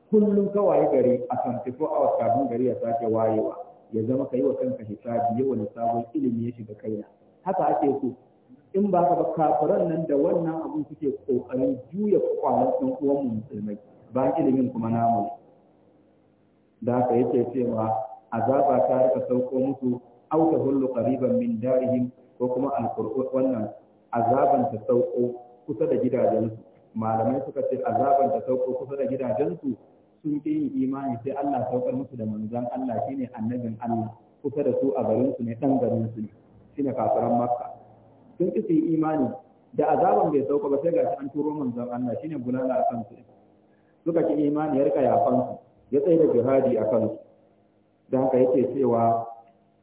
kullum ka waye gari a 24 a kafin gari ya sake wayewa ya zama ka yi wa kanka hisabi yau wani sabon ilimi ya shiga kaina haka ake so in ba ka ba kafiran nan da wannan abun suke kokarin juya kwanan ɗan uwan mu musulmai ba ilimin kuma namu da haka yake cewa azaba ta rika sauko musu au ta hullu qariban min darihim ko kuma alqur'an wannan azaban ta sauko kusa da gidajensu malamai suka ce azaban ta sauko kusa da gidajensu sun fi yin imani sai Allah saukar musu da manzon Allah shine annabin Allah kusa da su a garin su ne dan garin su ne shine kafiran Makka sun fi yin imani da azaban bai sauka ba sai ga an turo manzon Allah shine bulala a kansu suka ki imani ya rika yafan su ya tsaye da jihadi a kansu da haka yake cewa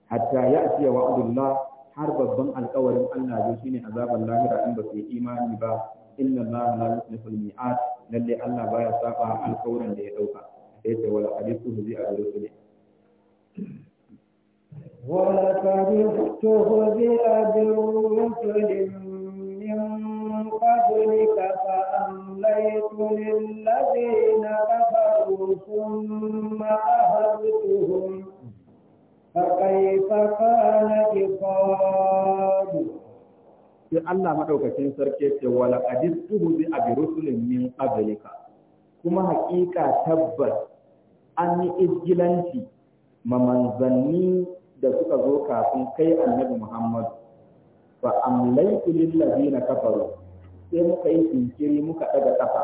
hatta ya'tiya wa'dullah har babban alƙawarin Allah zai shine azaban lahira in ba su yi imani ba inna Allah la yuslihu al-mi'ad lalle Allah baya saba alƙawarin da ya dauka sai ce wala hadithu bi ar-rusuli wala kadithu bi ar-rusuli min ka fa amlaytu lil ladina kafaru thumma ahadithuhum فكيف كان عقاب sai Allah madaukakin sarki ce wala qadittu bi abi rusulin qablika kuma haƙiƙa tabbas an yi izgilanci ma manzanni da suka zo kafin kai annabi Muhammad fa amlaitu lil ladina kafaru sai muka yi tinkiri muka daga kafa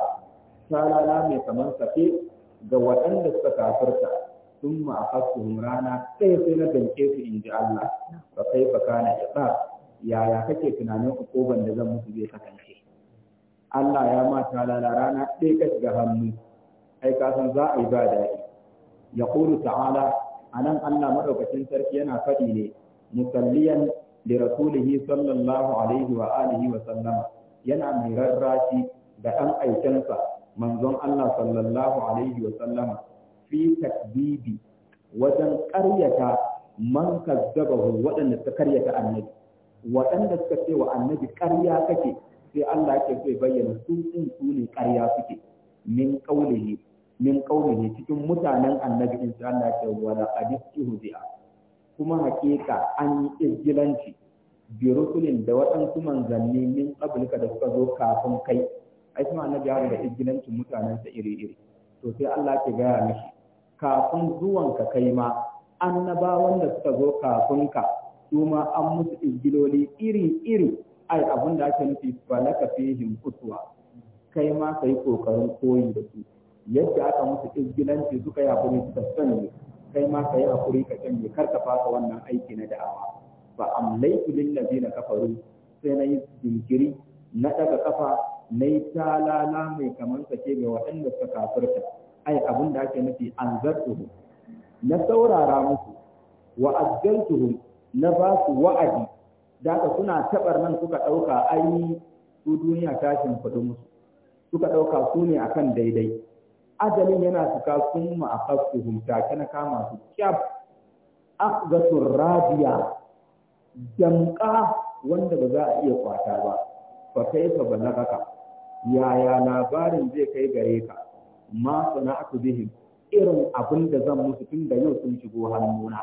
salala mai kamar safe ga waɗanda suka kafirta sun ma'afasuhum rana sai sai na danke su in ji Allah fa kai fa kana iqab yaya kake tunanin ukuban da zan musu zai kasance Allah ya mata lala rana ɗaya ka shiga hannu ai ka san za a yi ba daɗi ya ƙulu ta'ala a nan Allah maɗaukacin sarki yana faɗi ne musalliyan da rasulihi sallallahu alaihi wa alihi wa sallama yana mai rarrashi da ɗan aikensa manzon Allah sallallahu alaihi wa sallama fi takbibi wajen ƙaryata man kazzabahu waɗanda suka karyata annabi waɗanda suka ce wa annabi ƙarya kake sai Allah yake zai bayyana su din su ne ƙarya suke min kaulihi min kaulihi cikin mutanen annabi in sai Allah yake wala qadistu bi'a kuma hakika an yi izgilanci bi rusulin da waɗansu manzanni min qablika da suka zo kafin kai ai kuma annabi ya da izgilancin mutanensa iri-iri to sai Allah ke gaya mishi kafin zuwan ka kai ma annabawan da suka zo kafin ka su an musu izgiloli iri-iri ai abin da ake nufi falaka fihim uswa kai ma kai kokarin koyi da su yadda aka musu izgilanci suka yi hakuri suka sani kai ma kai hakuri ka canje kar ka fasa wannan aiki na da'awa fa amlaitu lil ladina kafaru sai na yi na daga kafa na yi talala mai kamar sa sake ga waɗanda suka kafirta ai abin da ake nufi an zartuhu na saurara musu wa ajjaltuhu na ba su wa'adi da suna tabar nan suka ɗauka ai su duniya tashin kuɗi musu suka ɗauka su ne akan daidai ajalin yana suka sun ma'akasu hunta kana kama su kyaf akgatun rabiya damƙa wanda ba za a iya kwata ba fa kaifa balagaka yaya labarin zai kai gare ka ma sana'atu bihim irin abin da zan musu tun da yau sun shigo hannuna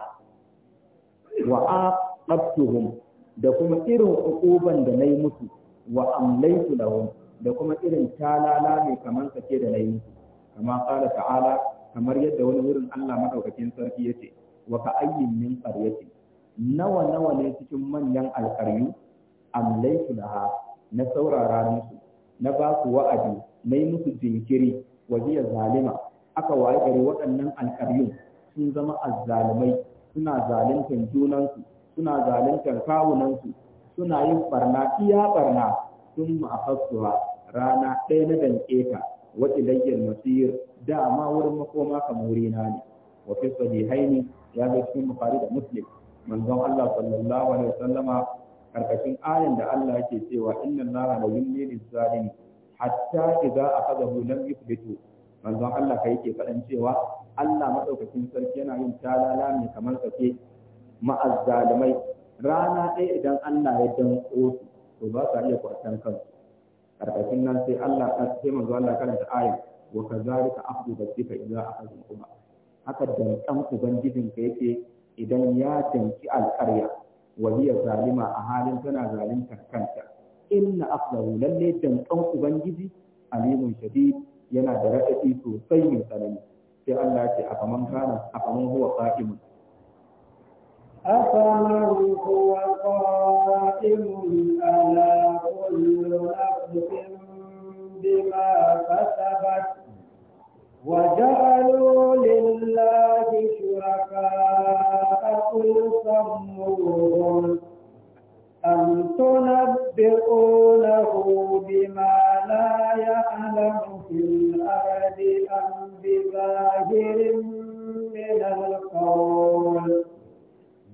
wa aqabtuhum da kuma irin uquban da nayi musu wa amlaitu lahum da kuma irin talala mai kamar sake da nayi musu kama qala ta'ala kamar yadda wani wurin Allah madaukakin sarki yace wa ka ayyin min qaryati nawa nawa ne cikin manyan alƙaryu amlaitu laha na saurara musu na ba su wa'adi na yi musu jinkiri wa hiya zalima aka waye gari waɗannan alƙaryun sun zama azzalumai suna zaluntar junansu suna zaluntar kawunansu suna yin barna iya barna sun ma'afasuwa rana ɗaya na danke ka wata layyar masir dama wurin makoma kamurina ne wa fi sahihaini ya ga cikin bukhari da muslim manzon Allah sallallahu alaihi wasallama karkashin ayan da Allah yake cewa inna Allah la yulli lizalim hatta idza akhadahu lam yuthbitu manzon Allah kai yake fadan cewa Allah madaukakin sarki yana yin talala ne kamar sake ma'azzalimai rana ɗaya idan Allah ya dan su to ba sa iya kwatan kansu karkashin nan sai Allah ta sai manzo Allah karanta ayat wa kazalika akhdhu rabbika idza akhadha Kuma haka dankan ubangijin ka yake idan ya danki alƙarya wa hiya zalima a halin tana zaluntar kanta inna akhdahu lalle dankan ubangiji alimun shadid yana da raɗaɗi sosai mai tsanani sai Allah ya ce afaman kana afaman huwa qa'imun أفمن هو قائم على كل نفس بما كسبت وجعلوا لله شركاء قل سموهم أم تنبئونه بما لا يعلم في الأرض أم بظاهر من القول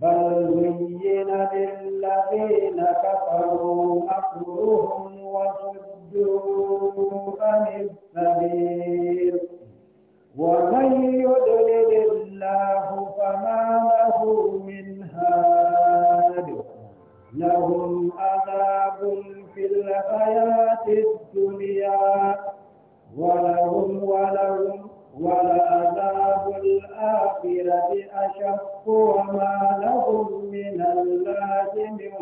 بل زين للذين كفروا مكرهم وصدوا عن السبيل ومن يضلل الله فما له من هاد لهم عذاب في الحياة الدنيا ولهم الكذب أشق لهم من الله من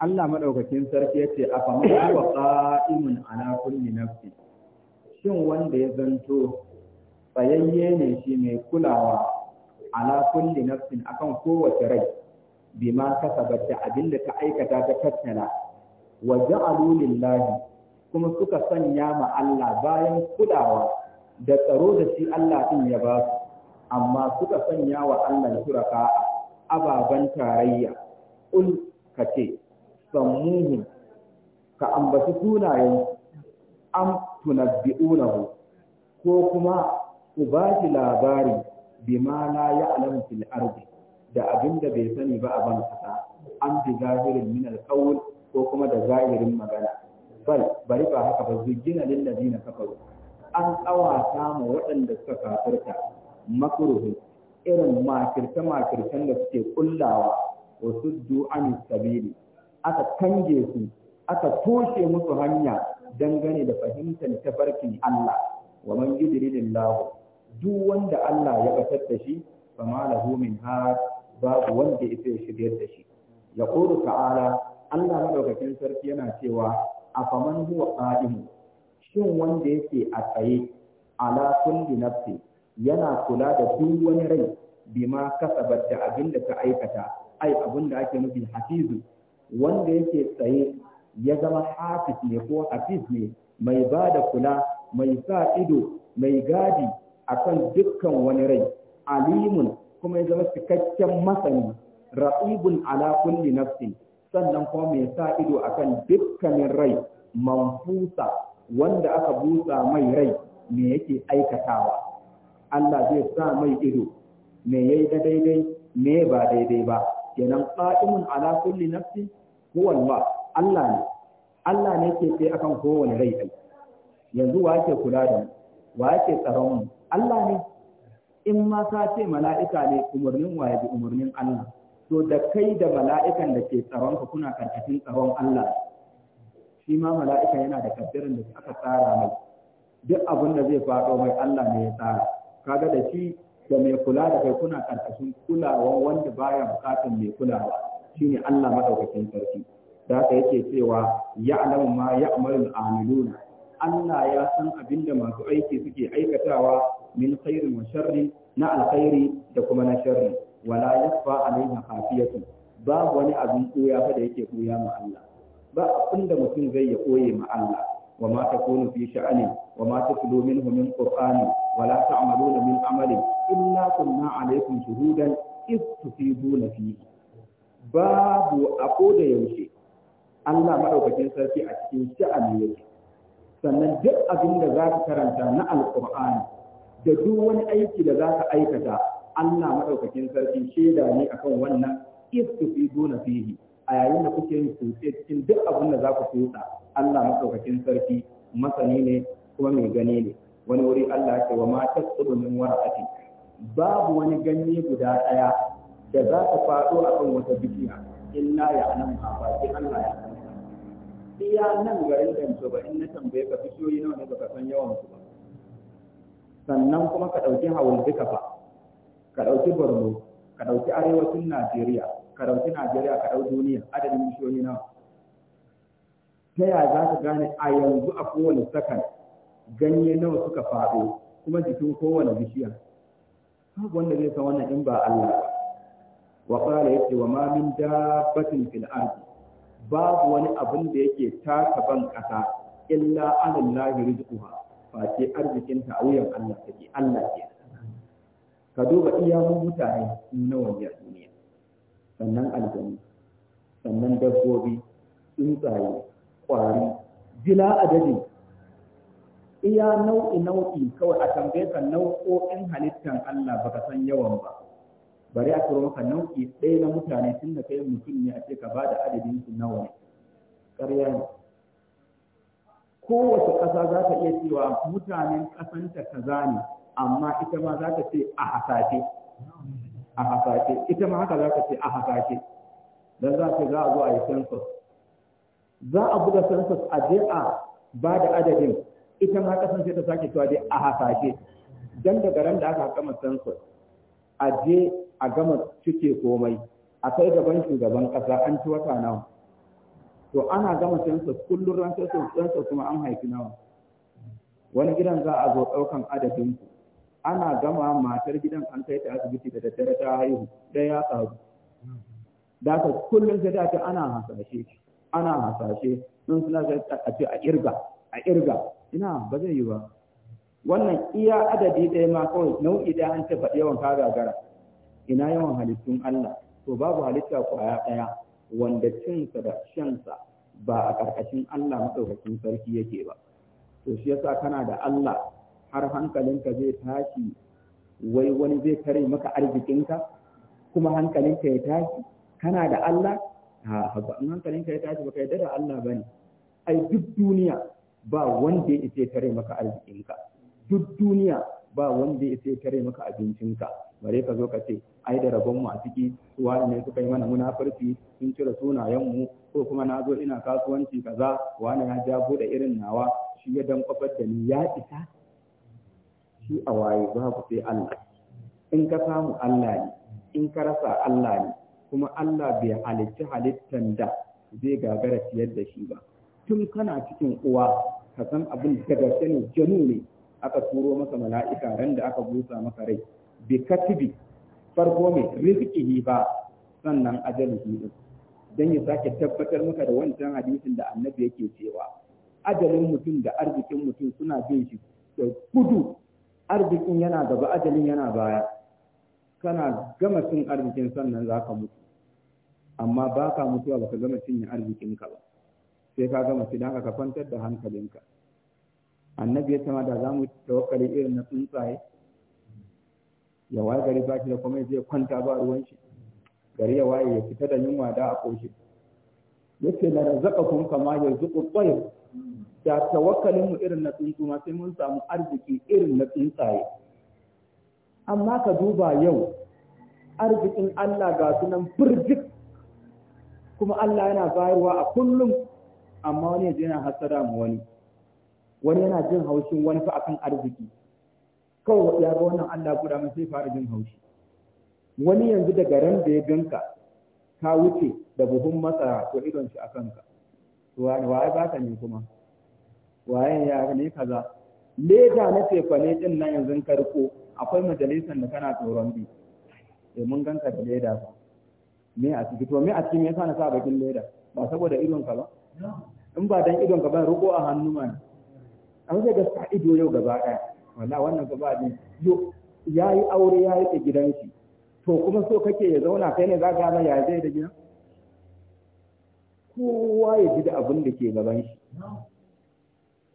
Allah maɗaukakin sarki ya ce, Afa mawa ƙa'imun ala kulli nafsi, shin wanda ya zanto tsayayye ne shi mai kulawa ala kulli a akan kowace rai, bima kasabar da abin da ta aikata ta tattala, wa ja'alu lillahi kuma suka sanya ma Allah bayan kulawa da tsaro da shi Allah ɗin ya ba su amma suka sanya wa Allah a ababen tarayya ul ka ce sammuhu ka ambaci sunayen am tunabbi'unahu ko kuma ku ba shi labari bima la ya'lam fil ardi da abin da bai sani ba a ban kasa an bi zahirin min qawl ko kuma da zahirin magana bal bari ba haka ba zujjina lil ladina kafaru an ƙawata ma waɗanda suka kafirta makuruhu, irin makirce makirtan da suke kullawa wa suddu an sabili aka kange su aka toshe musu hanya dangane da fahimtar tafarkin Allah wa man yudrilillahu duk wanda Allah ya batar da shi fama lahu min har babu wanda ya shigar da shi ya ta'ala Allah madaukakin sarki yana cewa afaman huwa qa'imun shin wanda yake a tsaye ala kulli nafsi yana kula da duk wani rai bima kasabat da abin da ta aikata ai abin da ake nufi hafizu wanda yake tsaye ya zama hafiz ne ko hafiz ne mai ba da kula mai sa ido mai gadi akan dukkan wani rai alimun kuma ya zama cikakken masani ra'ibun ala kulli nafsi sannan kuma mai sa ido akan dukkanin rai manfusa wanda aka busa mai rai me yake aikatawa Allah zai sa mai ido me yayi da daidai me ba daidai ba kenan qa'imun ala kulli nafsin huwa Allah Allah ne Allah ne yake kai akan kowane rai dai yanzu wa yake kula da mu wa yake tsaron mu Allah ne in ma ka ce mala'ika ne umarnin wa bi umarnin Allah to da kai da mala'ikan da ke tsaron ka kuna karkashin tsaron Allah shi ma mala'ika yana da kaddirin da aka tsara mai duk abin da zai faɗo mai Allah ne ya tsara kaga da shi da mai kula da kai kuna ƙarƙashin kulawa wanda baya buƙatar mai kulawa Shi ne Allah maɗaukakin sarki da haka yake cewa ya'lamu ma amarin amiluna Allah ya san abin da masu aiki suke aikatawa min khairin wa sharri na alkhairi da kuma na sharri wala yasfa alaihi khafiyatu babu wani abin koya fa da yake koya ma Allah ba abin da mutum zai ya koye ma Allah wa ma takunu fi sha'ani wa ma tatlu minhu min qur'ani wa la ta'maluna min amali illa kunna alaykum shuhudan id tufiduna fihi babu a da yaushe Allah madaukakin sarki a cikin sha'ani yake sannan duk abin da za ka karanta na alqur'ani da duk wani aiki da za ka aikata Allah madaukakin sarki shaida ne akan wannan id tufiduna fihi a yayin da kuke yin kutse cikin duk abin da za ku kutsa Allah masaukakin sarki masani ne kuma mai gani ne wani wuri Allah ya ce wa ma tasbu min wara'ati babu wani ganye guda ɗaya da za ta faɗo a kan wata bishiya inna ya anan ba ki Allah ya san iya nan garin da ba in na tambaye ka bishiyoyi nawa ne baka san yawan su ba sannan kuma ka ɗauki hawul duka fa ka ɗauki borno ka ɗauki arewacin najeriya karauci Najeriya ka ɗau duniya adadin bishiyoyi na ta yaya za ka gane a yanzu a kowane sakan ganye nawa suka faɗo kuma jikin kowane bishiya babu wanda zai san wannan in ba Allah ba wa qala yati wa ma min dabbatin fil ard babu wani abin da yake taka ban kasa illa anallahi rizquha face arzikinta a wuyan Allah take Allah ke ka duba iya mu mutane nawa ne sannan aljanu sannan dabbobi tsuntsaye kwari jila adadin iya nau'i nau'i kawai a tambaye ka nau'o'in halittan Allah ba ka san yawan ba bari a turo maka nau'i ɗaya na mutane tun da kai mutum ne a ce ka ba da adadin su nawa ne ƙarya ne kowace ƙasa za ta iya cewa mutanen ƙasanta kaza ne amma ita ma za ta ce a hasashe a hasashe ita ma haka za ka ce a hasashe don za ce za a zo a yi census za a buga census a je a ba da adadin ita ma kasan sai ta sake cewa dai a hasashe don da garan da aka gama census a je a gama cike komai a kai gaban shugaban kasa an ci wata nawa to ana gama census kullum ran census kuma an haifi nawa wani gidan za a zo ɗaukan adadin ku ana gama matar gidan an kai ta asibiti da daddare ta haihu da ya tsaro. da ka kullum sai da ana hasashe ana hasashe sun suna a ce a irga a irga ina ba zai yi ba wannan iya adadi ɗaya ma kawai nau'i da an ce faɗi yawan ka gagara ina yawan halittun Allah to babu halitta kwaya ɗaya wanda cinsa da shansa ba a ƙarƙashin Allah maɗaukakin sarki yake ba to shi yasa kana da Allah har hankalinka zai tashi wai wani zai tare maka arzikinka kuma hankalinka ya tashi kana da Allah ha in hankalinka ya tashi baka yarda da Allah bane ai duk duniya ba wanda ya ce tare maka arzikinka duk duniya ba wanda ya ce tare maka abincinka bare ka zo ka ce ai da rabon mu a ciki wani ne suka yi mana munafurci sun cire sunayen mu ko kuma na zo ina kasuwanci kaza wani ya ja bude irin nawa shi ya dan kofar da ni ya isa shi a waye babu sai Allah in ka samu Allah ne in ka rasa Allah ne kuma Allah bai halitta halittan da zai gagara ciyar da shi ba tun kana cikin uwa ka san abin da gaske ne janu ne aka turo masa mala'ika ran da aka busa masa rai bi katibi farko mai rizqihi ba sannan ajalihi din dan ya sake tabbatar maka da wancan hadisin da annabi yake cewa ajalin mutum da arzikin mutum suna bin shi da gudu arzikin yana gaba ajalin yana baya kana gama cin arzikin sannan za ka mutu amma ba ka mutuwa ba ka gama cinye arzikinka ba sai ka gama shi don ka kwantar da hankalinka annabi ya ma da za mu tawakkali irin na tsuntsaye ya waye gari ba shi da kuma zai kwanta ba ruwan shi gari ya waye ya fita da yunwa da a koshi yace la razaqakum kama yarzuqu at-tayr da tawakkalin mu irin na tsuntsu sai mun samu arziki irin na tsuntsaye amma ka duba yau arzikin Allah ga sunan birjik kuma Allah yana bayarwa a kullum amma wani yanzu yana hasara mu wani wani yana jin haushin wani fa akan arziki kawai ya ga wannan Allah guda mun sai fara jin haushi wani yanzu daga ran da ya ganka ka wuce da buhun masara to idon shi akan ka to wani wai baka ne kuma waye ya ne kaza leda na tefane din nan yanzu ka riko akwai majalisar da kana tsoron bi eh mun ganka da leda ba me a ciki to me a ciki me yasa na sa bakin leda ba saboda idon ka ba in ba dan idon ka ba riko a hannu ma an sai ga sa ido yau gaba daya wallahi wannan gaba ne yo yayi aure ya rike gidan shi to kuma so kake ya zauna kai ne za ka ga ya zai da gidan kowa ya ji da abin da ke gaban shi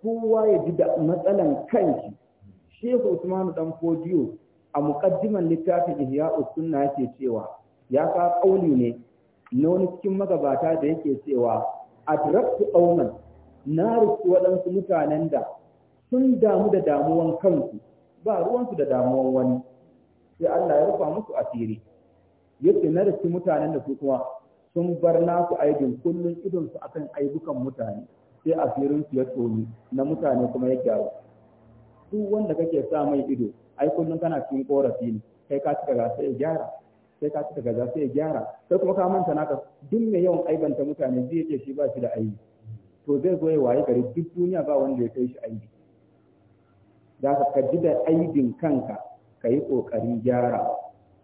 kowa ya ji da matsalan kanshi shehu usmanu dan fodiyo a muqaddiman littafin ihya sunna yake cewa ya ka kauli ne na wani cikin magabata da yake cewa adraktu qauman na rufu waɗansu mutanen da sun damu da damuwan kansu ba ruwansu da damuwan wani sai Allah ya rufa musu asiri yake na rufu mutanen da su kuma sun bar nasu aibin kullun idonsu akan aibukan mutane sai asirin su ya tsoni na mutane kuma ya gyaru duk wanda kake sa mai ido ai kullum kana cikin korafi ne kai ka cika ga sai ya gyara sai ka cika sai ya gyara sai kuma ka manta naka duk mai yawan aibanta mutane zai ce shi ba shi da aiki. to zai zo ya waye gari duk duniya ba wanda ya kai shi aiki. za ka kaji da aibin kanka ka yi ƙoƙarin gyara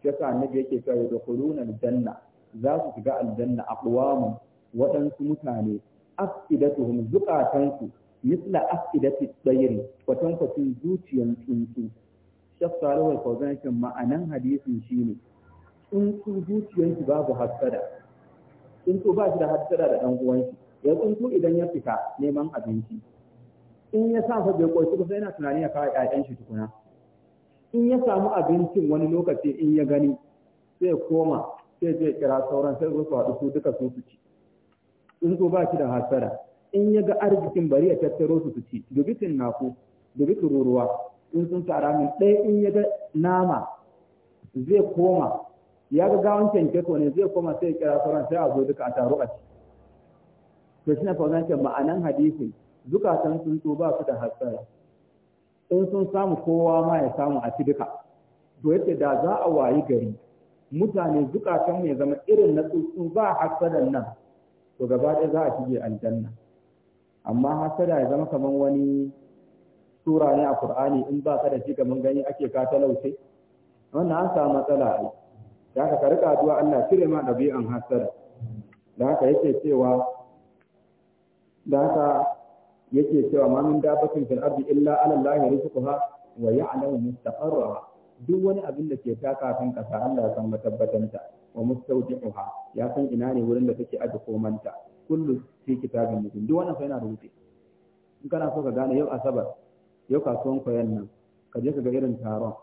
shi yasa annabi yake cewa ya dakhuluna aljanna za su shiga aljanna aqwamun waɗansu mutane afidatuhum zukatansu misla afidati tsayiri kwatankwacin zuciyan tsuntsu shaf salawar fauzan ma'anan hadisin shine tsuntsu zuciyansu babu hassada tsuntsu ba shi da hassada da ɗan shi ya tsuntsu idan ya fita neman abinci in ya sa fa bai koshi ba sai yana tunani ya kawo ƴaƴan shi tukuna in ya samu abincin wani lokaci in ya gani sai koma sai zai kira sauran sai su haɗu su duka su su ci in zo ba shi da hasara in ya ga arzikin bari ya tattaro su su ci dubitin tinnaku dubitin tururuwa in sun tsara min ɗaya in ya ga nama zai koma ya ga gawan ko ne zai koma sai ya kira sauran sai a zo duka a taro a ci to shi na wannan ma'anan hadisin zukatan zo ba su da hasara in sun samu kowa ma ya samu a ci duka to yadda da za a wayi gari mutane zukatan ya zama irin na tsuntsu ba hasaran nan to gaba ɗaya za a shige aljanna amma hasada ya zama kaman wani sura ne a Qur'ani in ba ka da shi kaman gani ake ka talauce wannan an samu matsala ai da haka ka rika addu'a Allah cire ma ɗabi'an hasada da haka yake cewa da haka yake cewa ma min dabatin fil ardi illa ala Allah rizquha wa ya'lamu mustaqarraha duk wani abin da ke taka kan kasa Allah ya san matabbatanta wa oha ya san ina ne wurin da kake aje komanta kullu fi kitabin mubin duk wannan fa yana rubuce in kana so ka gane yau asabar yau kasuwan koyan nan ka je ka ga irin taron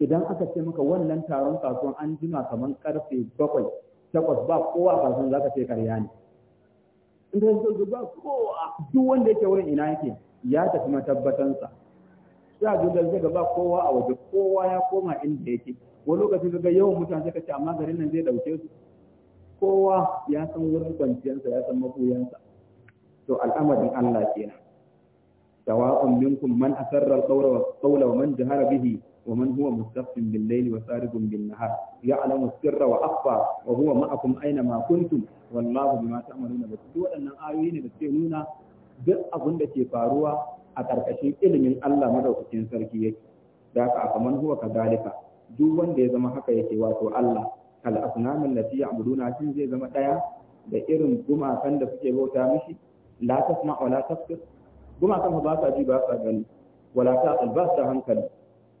idan aka ce maka wannan taron kasuwan an jima kamar karfe bakwai takwas ba kowa kasuwan zaka ce karya ne in ka so ba kowa duk wanda yake wurin ina yake ya tafi matabbatansa sai a dudar ga ba kowa a waje kowa ya koma inda yake wani lokaci ga yawan mutane suka ce amma garin nan zai dauke su kowa ya san wurin kwanciyarsa ya san mabuyansa to al'amarin Allah kenan sawa'un minkum man asarra al-qawla wa qawla wa man jahara bihi wa man huwa mustaqim bil-layli wa saribun bin-nahar ya'lamu sirra wa akhfa wa huwa ma'akum aina ma kuntum wallahu bima ta'maluna basir waɗannan ayoyi ne da suke nuna duk abin da ke faruwa a ƙarƙashin ilimin Allah madaukakin sarki yake da haka kaman huwa kadalika duk wanda ya zama haka yake wato Allah kal asnamin lati ya'buduna shin zai zama daya da irin gumakan da suke bauta mishi la tasma wa la tafkir gumakan ba sa ji ba sa gani wala ta alba sa hankali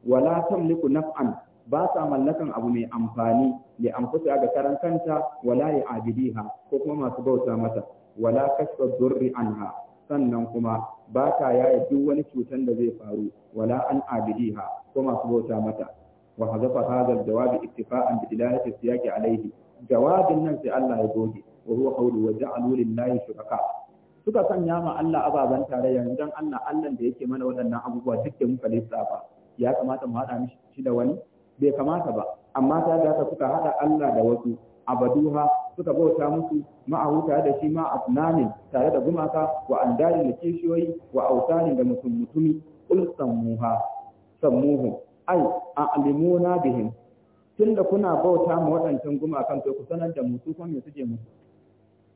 wala tamliku naf'an ba sa mallakan abu mai amfani ya amfuta ga karan kanta wala ya abidiha ko kuma masu bauta mata wala kashfa durri anha sannan kuma ba ta yaya duk wani cutan da zai faru wala an abidiha ko masu bauta mata wa hazafa hadha al da ittifaqan bi ilahati siyaq alaihi, jawabin nan sai Allah ya goge wa huwa qawlu wa ja'alu lillahi shuraka suka sanya ma Allah ababan tarayya dan Allah Allah da yake mana waɗannan abubuwa duk da muka lissafa ya kamata mu haɗa mishi shi da wani bai kamata ba amma ta da kuka haɗa Allah da wasu abaduha suka bauta musu ma'ahu tare da shi ma a tunanin tare da gumaka wa andari da kishiyoyi wa autanin da mutum mutumi sammuha ai a alimuna bihim tunda kuna bauta ma waɗancan gumakan to ku sanar da mu su kuma me suke muku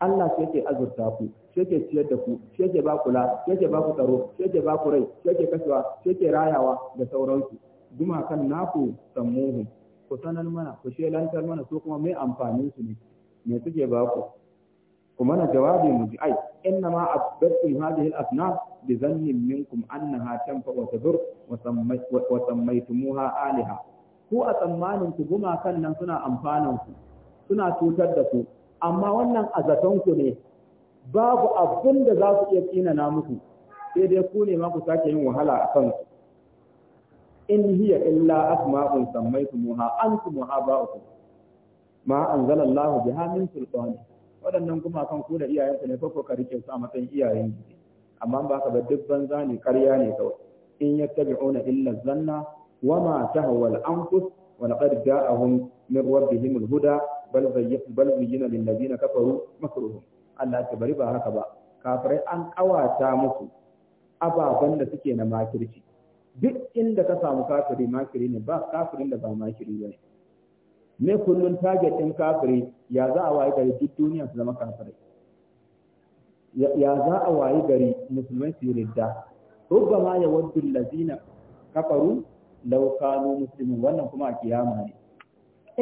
Allah shi yake azurta ku, shi yake ciyar da ku, shi yake ba kula, shi yake ba ku tsaro, shi yake ba ku rai, shi yake kasuwa, shi yake rayawa da sauransu. Gumakan naku sammuhu, ku sanar mana, ku shelantar mana su kuma mai amfanin su ne, me suke ba ku. ومن جوابي مجي إنما أثبتكم هذه الأصنام بظن منكم أنها تنفع وتضر وسميتموها آلهة Ku a tsammanin ku gumakan nan suna amfanan ku suna cutar da ku amma wannan azatan ku ne babu abin da za ku iya tsinana muku sai dai ku ne ma ku sake yin wahala a kansu in hiya illa asma'un sammaytumuha antum wa aba'ukum ma anzalallahu biha min sultani waɗannan gumakan ku da iyayenku ne ko ka rike su a matsayin iyayen amma ba ka ba duk banza ne ƙarya ne kawai in yattabi'una illa zanna wa ma hawal anfus wa laqad ja'ahum min rabbihim al-huda bal zayyana bal zayyana lil ladina kafaru makruhum Allah ya bari ba haka ba kafirai an kawata musu ababen da suke na makirci duk inda ka samu kafiri makiri ne ba kafirin da ba makiri ba me kullun target ɗin kafiri ya za a wayi gari duk duniya su zama kafirai ya za a wayi gari musulmai su yi ridda rubbama ya waddu allazina kafaru law kanu muslimin wannan kuma a kiyama ne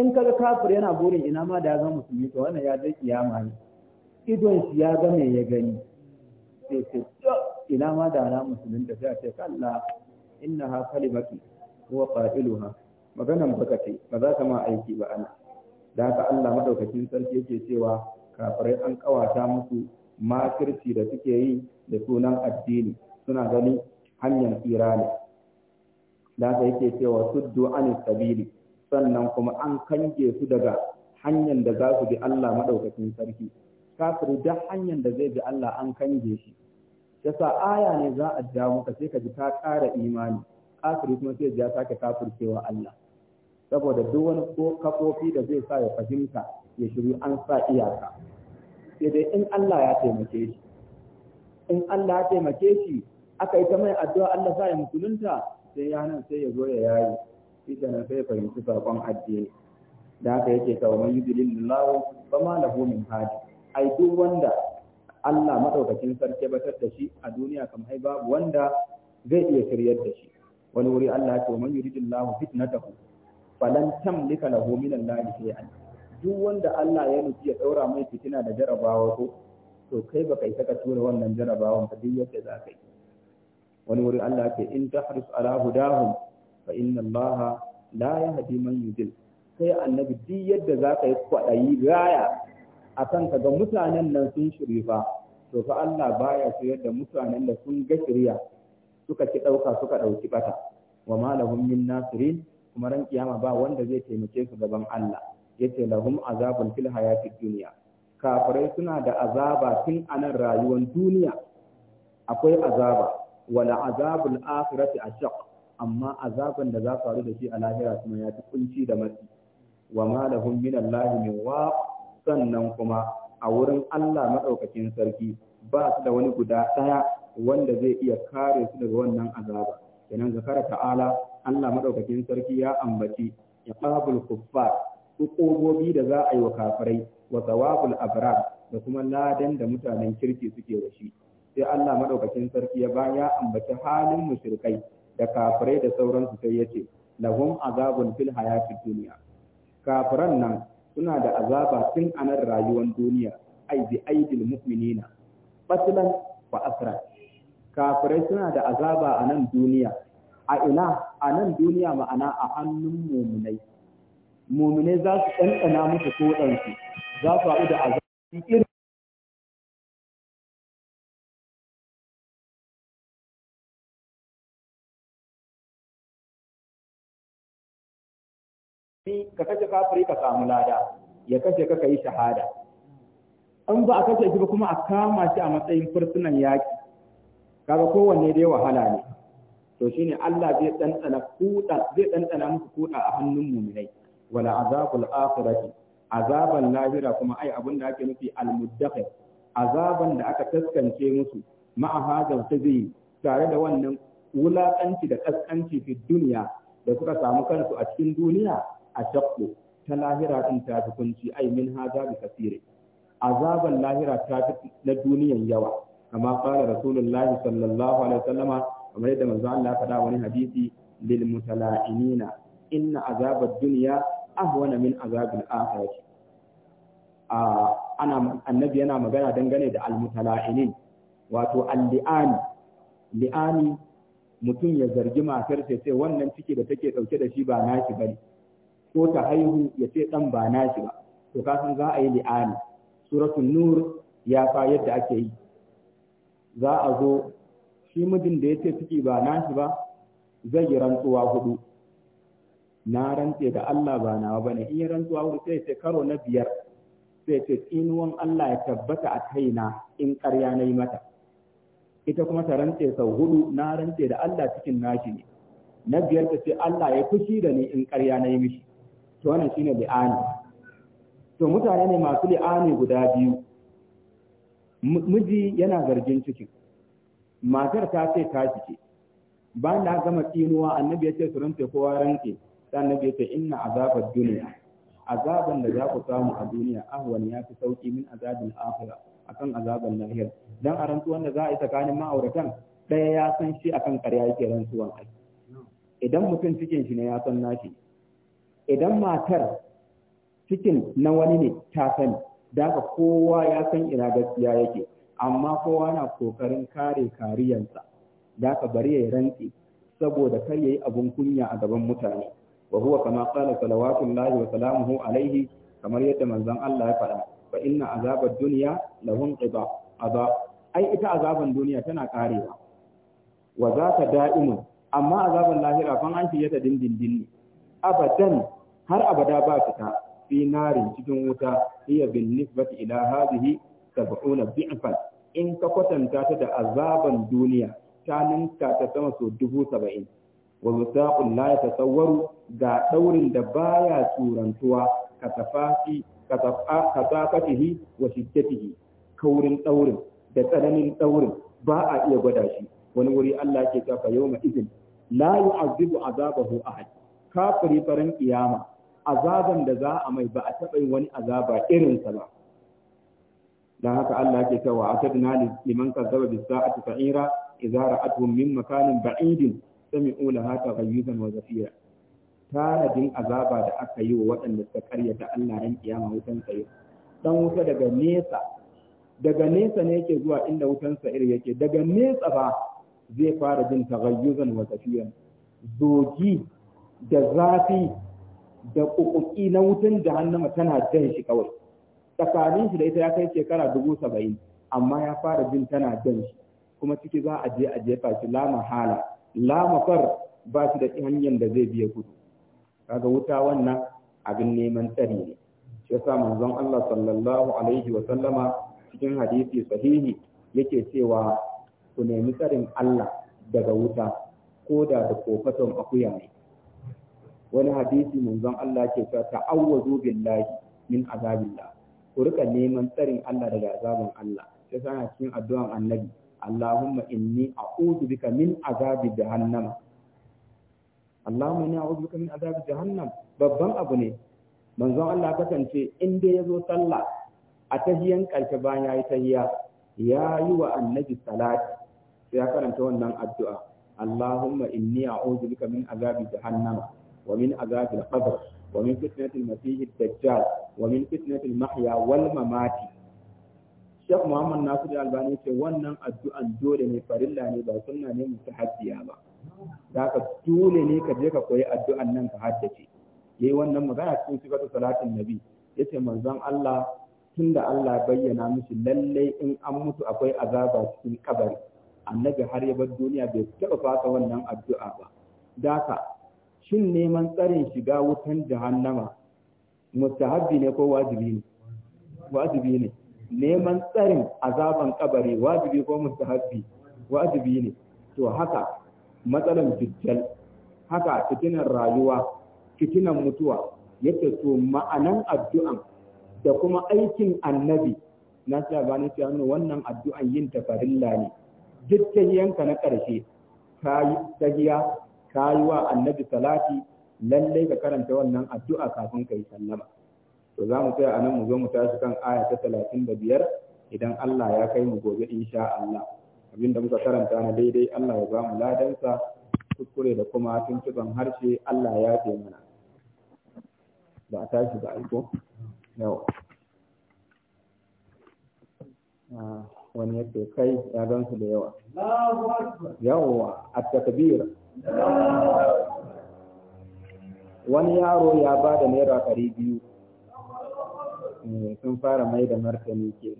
in kaga kafir yana burin ina ma da ya zama musulmi to wannan ya dai kiyama ne idon shi ya ga me ya gani sai sai ina ma da ana musulmin da sai a ce kallah innaha kalimatu huwa qailuha maganan baka ce ba za ta ma aiki ba ana da haka Allah madaukakin sarki yake cewa kafirai an kawata musu makirci da suke yi da sunan addini suna gani hanyar tsira ne da haka yake cewa suddu anis sabili sannan kuma an kange su daga hanyar da za su bi Allah madaukakin sarki kafiri duk hanyar da zai bi Allah an kange shi yasa aya ne za a ja muka sai ka ji ka kara imani kafiri kuma sai ya sake kafircewa Allah saboda duk wani kafofi da zai sa ya fahimta ya shiru an sa iyaka sai dai in Allah ya taimake shi in Allah ya taimake shi aka yi ta mai addu'a Allah sa ya musulunta sai ya nan sai ya zo ya yayi shi nan sai fahimci sakon addini da haka yake ta wani man yudlilillahu fa ma lahu min hadi ai duk wanda Allah madaukakin sarki batar da shi a duniya kamar babu wanda zai iya kiryar da shi wani wuri Allah ya ce man yuridillahu fitnatahu falan tamlika lahu min Allah shay'an duk wanda Allah ya nufi ya daura mai fitina da jarabawa ko to kai baka isa ka tura wannan jarabawan ba duk yadda za ka wani wuri Allah ke in tahris ala hudahum fa inna Allah la yahdi man yudil sai annabi duk yadda za ka yi kwaɗayi gaya a ka ga mutanen nan sun shirya fa to fa Allah baya so da mutanen da sun ga shirya suka ki ɗauka suka ɗauki ɓata wa malamin min nasirin kuma ran kiyama ba wanda zai taimake su gaban Allah yace lahum azabun fil hayatid dunya kafirai suna da azaba tun anan rayuwar duniya akwai azaba wala azabul akhirati ashaq amma azaban da za faru da shi a lahira kuma ya fi kunci da matsi wa ma lahum min Allah min wa sannan kuma a wurin Allah madaukakin sarki ba su da wani guda daya wanda zai iya kare su daga wannan azaba kenan zakara ta'ala Allah madaukakin sarki ya ambaci iqabul kuffar hukumomi da za a yi wa kafirai wa thawabul abrar da kuma ladan da mutanen kirki suke da shi sai Allah madaukakin sarki ya ba ya ambaci halin mushrikai da kafirai da sauransu sai ya ce lahum azabun fil hayatid dunya kafiran nan suna da azaba tun a rayuwar duniya ai bi aidil mu'minina batlan wa asra kafirai suna da azaba a nan duniya a ina a nan duniya ma'ana a hannun muminai muminai za su ɗanɗana musu ɗansu za su haɗu da azabi irin ka kashe kafiri ka samu lada ya kashe ka yi shahada an ba a kashe shi ba kuma a kama shi a matsayin fursunan yaƙi kaga kowanne dai wahala ne to ne Allah zai ɗanɗana kuɗa zai ɗanɗana musu kuɗa a hannun muminai wala azabul akhirati azaban lahira kuma ai abin da ake nufi almuddakhir azaban da aka taskance musu ma'a hadal tazi tare da wannan wulakanci da kaskanci fi duniya da suka samu kansu a cikin duniya a shakku ta lahira din ta fi kunci ai min hada bi kasire azaban lahira ta fi na duniyan yawa kama qala rasulullahi sallallahu alaihi wasallama kamar yadda manzo Allah faɗa wani hadisi lil mutala'inina inna azabad dunya ahwana min azabil akhirah a ana annabi yana magana dangane da al mutala'inin wato al li'ani li'ani mutum ya zargi matar sai sai wannan ciki da take dauke da shi ba naki bane ko ta haihu ya ce dan ba naki ba to ka za a yi li'ani suratul nur ya fa yadda ake yi za a zo shi mijin da ya ce ciki ba nashi ba zai yi rantsuwa hudu na rantse da Allah ba nawa ne. in yi rantsuwa hudu sai ce karo na biyar sai ce tsinuwan Allah ya tabbata a kaina in ƙarya na yi mata ita kuma ta rantse sau hudu na rantse da Allah cikin nashi ne na biyar ta ce Allah ya fushi da ni in ƙarya na yi mishi to wannan shine li'ani to mutane ne masu li'ani guda biyu miji yana zargin cikin matar ta ce ta shike ba da gama tsinuwa annabi ya ce su rantse kowa rantse sai annabi ya ce inna azabar duniya azaban da za ku samu a duniya ahwan ya fi sauki min azabil akhira akan azaban lahir dan a rantsuwan da za a yi tsakanin ma'auratan ɗaya ya san shi akan ƙarya yake rantsuwan ai idan mutum cikin shi ne ya san nashi idan matar cikin na wani ne ta sani da kowa ya san ina gaskiya yake amma kowa na kokarin kare kariyarsa da ka bari ya rantsi saboda kar yayi abun kunya a gaban mutane wa huwa kama qala salawatullahi wa salamuhu alaihi kamar yadda manzon Allah ya faɗa fa inna azabad dunya lahum qida aba ai ita azaban duniya tana karewa wa za zaka da'imun amma azaban lahira fa an fiye ta dindindin ne abadan har abada ba fita fi narin cikin wuta hiya bin nisbati ila hadhihi sab'una bi'fan in ka kwatanta ta da azaban duniya ta ninka ta sama so dubu saba'in wa musaqul la yatasawwaru ga ɗaurin da baya turantuwa ka katafatihi wa shiddatihi kaurin daurin da tsananin ɗaurin ba a iya gwada shi wani wuri Allah ke kafa yawma izin la yu'azibu azabahu ahad kafiri farin kiyama azaban da za a mai ba a taɓa wani azaba irinsa ba dan haka Allah yake cewa atadna liman kazzaba bis sa'ati sa'ira idza ra'atuhum min makanin ba'idin sami'u laha taghayyuzan wa zafira tanadin azaba da aka yi wa waɗanda suka karyata Allah ran kiyama wutan sa'ir dan wuta daga nesa daga nesa ne yake zuwa inda wutan sa'ir yake daga nesa ba zai fara jin taghayyuzan wa zafira zogi da zafi da ƙuƙuƙi na wutan jahannama tana jan shi kawai tsakanin shi da ita ya kai shekara dubu saba'in amma ya fara jin tana jan shi kuma ciki za a je a jefa shi lama hala lama far ba shi da hanyar da zai biya gudu kaga wuta wannan abin neman tsari ne shi yasa manzon Allah sallallahu alaihi wa sallama cikin hadisi sahihi yake cewa ku nemi tsarin Allah daga wuta ko da da kofatan akuya ne wani hadisi manzon Allah ke cewa ta'awwazu billahi min azabillah ku rika neman tsarin Allah daga azabin Allah sai sana cikin addu'an annabi Allahumma inni a'udhu bika min azabi jahannam Allahumma inni a'udhu bika min azabi jahannam babban abu ne manzon Allah kasance in dai yazo sallah a tahiyan karshe bayan yayi tahiya ya yi wa annabi salati sai ya karanta wannan addu'a Allahumma inni a'udhu bika min azabi jahannam wa min azabi al-qabr ومن فتنة المسيح الدجال ومن فتنة المحيا والممات Sheikh Muhammad Nasir Albani ce wannan addu'an dole ne farilla ne ba sunna ne mutahaddiya ba. Da ka dole ne ka je ka koyi addu'an nan ka haddace. Yayi wannan magana cikin sifatu salatin Nabi ce manzon Allah tunda Allah bayyana mishi lallai in an mutu akwai azaba cikin kabari. Annabi har ya bar duniya bai taɓa fasa wannan addu'a ba. Daka shin neman tsarin shiga wutan jahannama mustahabbi ne ko wajibi ne wajibi ne neman tsarin azaban kabari wajibi ko mustahabbi wajibi ne to haka matsalan dujjal haka fitinan rayuwa fitinan mutuwa yake to ma'anan addu'an da kuma aikin annabi na sabani ta nuna wannan addu'an yin tafarilla ne dukkan yanka na ƙarshe ta yi tahiya ka yi wa annabi salati lallai ka karanta wannan addu'a kafin ka yi sallama to za mu tsaya a nan mu zo mu tashi kan aya ta talatin da biyar idan Allah ya kai mu gobe insha Allah abin da muka karanta na daidai Allah ya ba mu ladansa kuskure da kuma tuntuban harshe Allah ya fi mana ba a tashi ba aiko yau ah, wani yake kai ya da yawa yawa a takbir wani yaro ya ba da naira ɗari biyu eh, sun fara mai da martani ke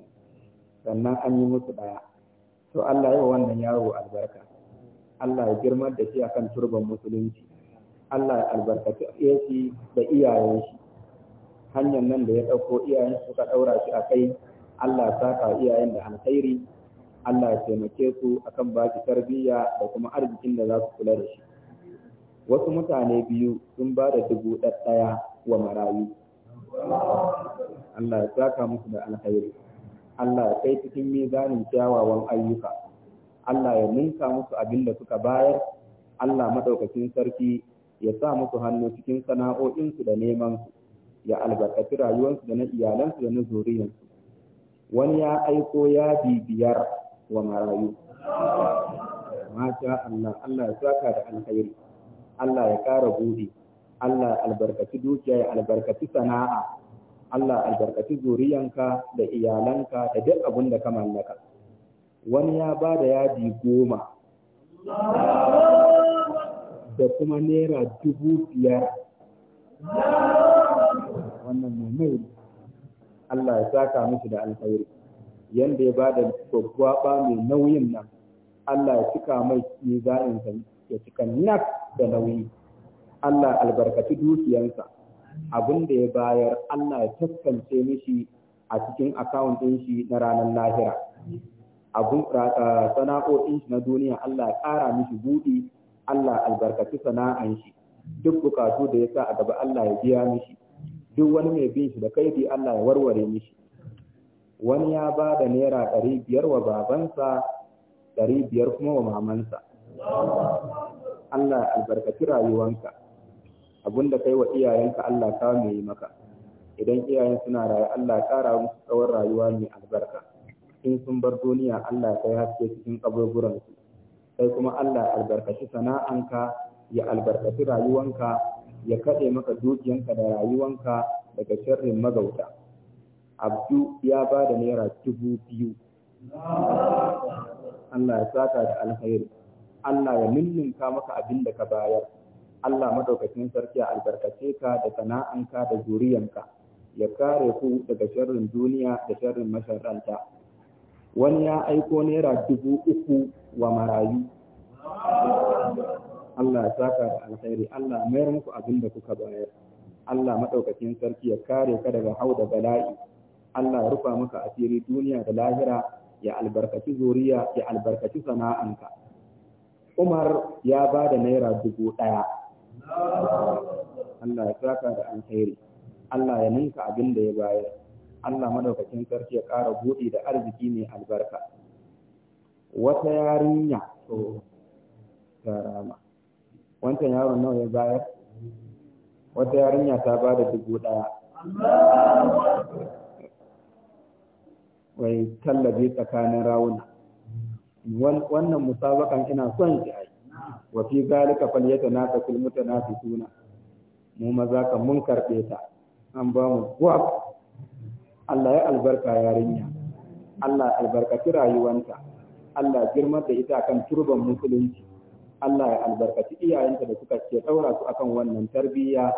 sannan an yi musu ɗaya to Allah yi wa wannan yaro albarka Allah ya girmar da shi akan turban musulunci Allah ya albarkaci shi da iyayen shi hanyar nan da ya ɗauko iyayen suka ɗaura shi a kai Allah ya saka iyayen da alkhairi Allah ya taimake su akan ba tarbiyya da kuma arzikin da za su kula da shi wasu mutane biyu sun ba da dubu ɗaya wa marayu Allah ya saka musu da alkhairi Allah ya kai cikin mizanin kyawawan ayyuka Allah ya ninka musu abin da suka bayar Allah madaukakin sarki ya sa musu hannu cikin sana'o'insu da neman ya albarkaci rayuwarsu da na iyalansu da na zuriyarsu wani ya aiko ya bibiyar wa marayu mata Allah Allah ya saka da alkhairi Allah ya ƙara buɗe Allah albarkaci dukiya ya albarkaci sana'a Allah albarkaci zuriyanka da iyalanka da duk abin da ka mallaka wani ya ba da yadi goma da kuma naira dubu biyar wannan mai Allah ya saka musu da alkhairi yanda ya bada gwaggwaba mai nauyin nan Allah ya cika mai mizanin sa ya cika nak da nauyi Allah albarkaci dukiyansa abin da ya bayar Allah ya taskance mishi a cikin akawun ɗin shi na ranar lahira abun sana'o'in shi na duniya Allah ya ƙara mishi buɗi Allah albarkaci sana'an shi duk bukatu da ya sa a gaba Allah ya biya mishi duk wani mai bin shi da kaidi Allah ya warware mishi wani ya ba da naira ɗari biyar wa babansa ɗari biyar kuma wa mamansa Allah albarkaci rayuwanka da kai wa iyayenka Allah ka mai maka idan iyayen suna raye Allah ƙara musu tsawon rayuwa mai albarka in sun bar duniya Allah kai haske cikin kaburburansu sai kuma Allah albarkaci sana'anka ya albarkaci rayuwanka ya kaɗe maka dukiyanka da rayuwanka daga sharrin magauta abdu ya ba da naira dubu biyu Allah ya saka da alkhairi Allah ya ninninka maka abin da ka bayar Allah madaukakin sarki a albarkace ka da sana'anka da zuriyanka ya kare ku daga sharrin duniya da sharrin masharanta. wani ya aiko naira dubu uku wa marayu Allah ya saka da alkhairi Allah mayar muku abin da kuka bayar Allah madaukakin sarki ya kare ka daga hau da bala'i Allah ya rufa maka asiri duniya da lahira ya albarkaci zuriya ya albarkaci sana'anka Umar ya ba da naira dubu ɗaya Allah ya saka da alheri Allah ya ninka abin da ya bayar Allah madaukakin sarki ya ƙara buɗi da arziki mai albarka wata yarinya to ta rama wancan yaron nawa ya bayar wata yarinya ta ba da dubu ɗaya wai tallabe tsakanin rawuna wannan musabakan ina son shi ai wa fi zalika falyatanafasul mutanafisuna mu maza ka mun karbe ta an ba mu gwab Allah ya albarka yarinya Allah albarkaci rayuwanta Allah girmar da ita akan turban musulunci Allah ya albarkaci iyayenta da suka ce ɗaura su akan wannan tarbiyya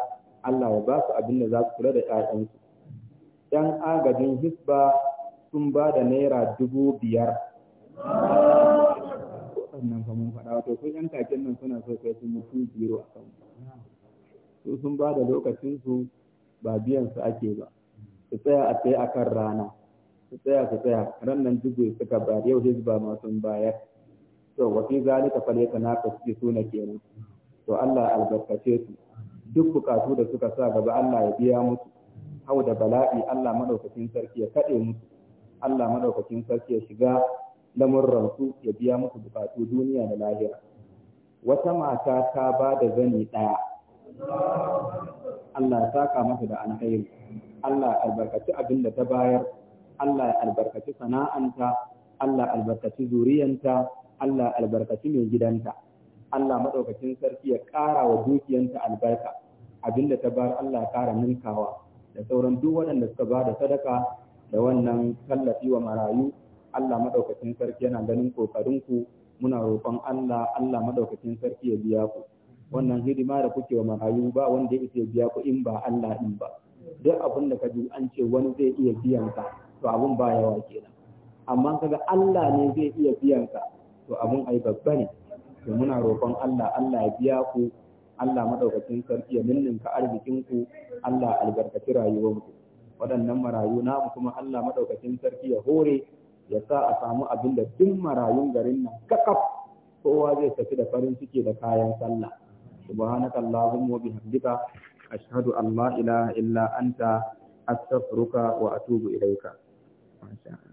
Allah ya ba su abin da za su kula da ƴaƴansu yan agajin hisba sun ba da naira dubu biyar Wannan fa mun faɗa wato sun yan kakin nan suna so kai sun mutu biro a kan su sun ba da lokacinsu ba biyan su ake ba su tsaya a tsaye akan rana su tsaya su tsaya ran nan dubu suka ba yau hizba ma sun bayar to wa fi zalika su suna kenan to Allah albarkace su duk bukatu da suka sa gaba Allah ya biya musu hau da bala'i Allah madaukakin sarki ya kaɗe musu Allah madaukakin sarki ya shiga lamurransu ya biya musu bukatu duniya da lahira wata mata ta ba da zani ɗaya Allah ya saka masa da alheri Allah ya albarkaci abin da ta bayar Allah ya albarkaci sana'anta Allah ya albarkaci zuriyanta Allah ya albarkaci mai gidanta Allah maɗaukacin sarki ya ƙara wa dukiyanta albarka abin da ta bayar Allah ya ƙara ninkawa da sauran duk waɗanda suka ba da sadaka da wannan tallafi wa marayu Allah madaukakin sarki yana ganin kokarinku muna roƙon Allah Allah madaukakin sarki ya biya ku wannan hidima da kuke wa marayu ba wanda ya biya ku in ba Allah din ba duk abin da ka bi an ce wani zai iya biyan ka to abin ba yawa kenan amma kaga Allah ne zai iya biyan ka to abin ai babba ne to muna roƙon Allah Allah ya biya ku Allah madaukakin sarki ya ninninka arzikin ku Allah albarkaci rayuwarku. waɗannan marayu namu kuma Allah madaukakin sarki ya hore ya sa a samu abin da duk marayun garin nan kakaf kowa zai tafi da farin ciki da kayan sallah subhanaka allahumma bihamdika ashhadu an la ilaha illa anta astaghfiruka wa atubu ilaika masha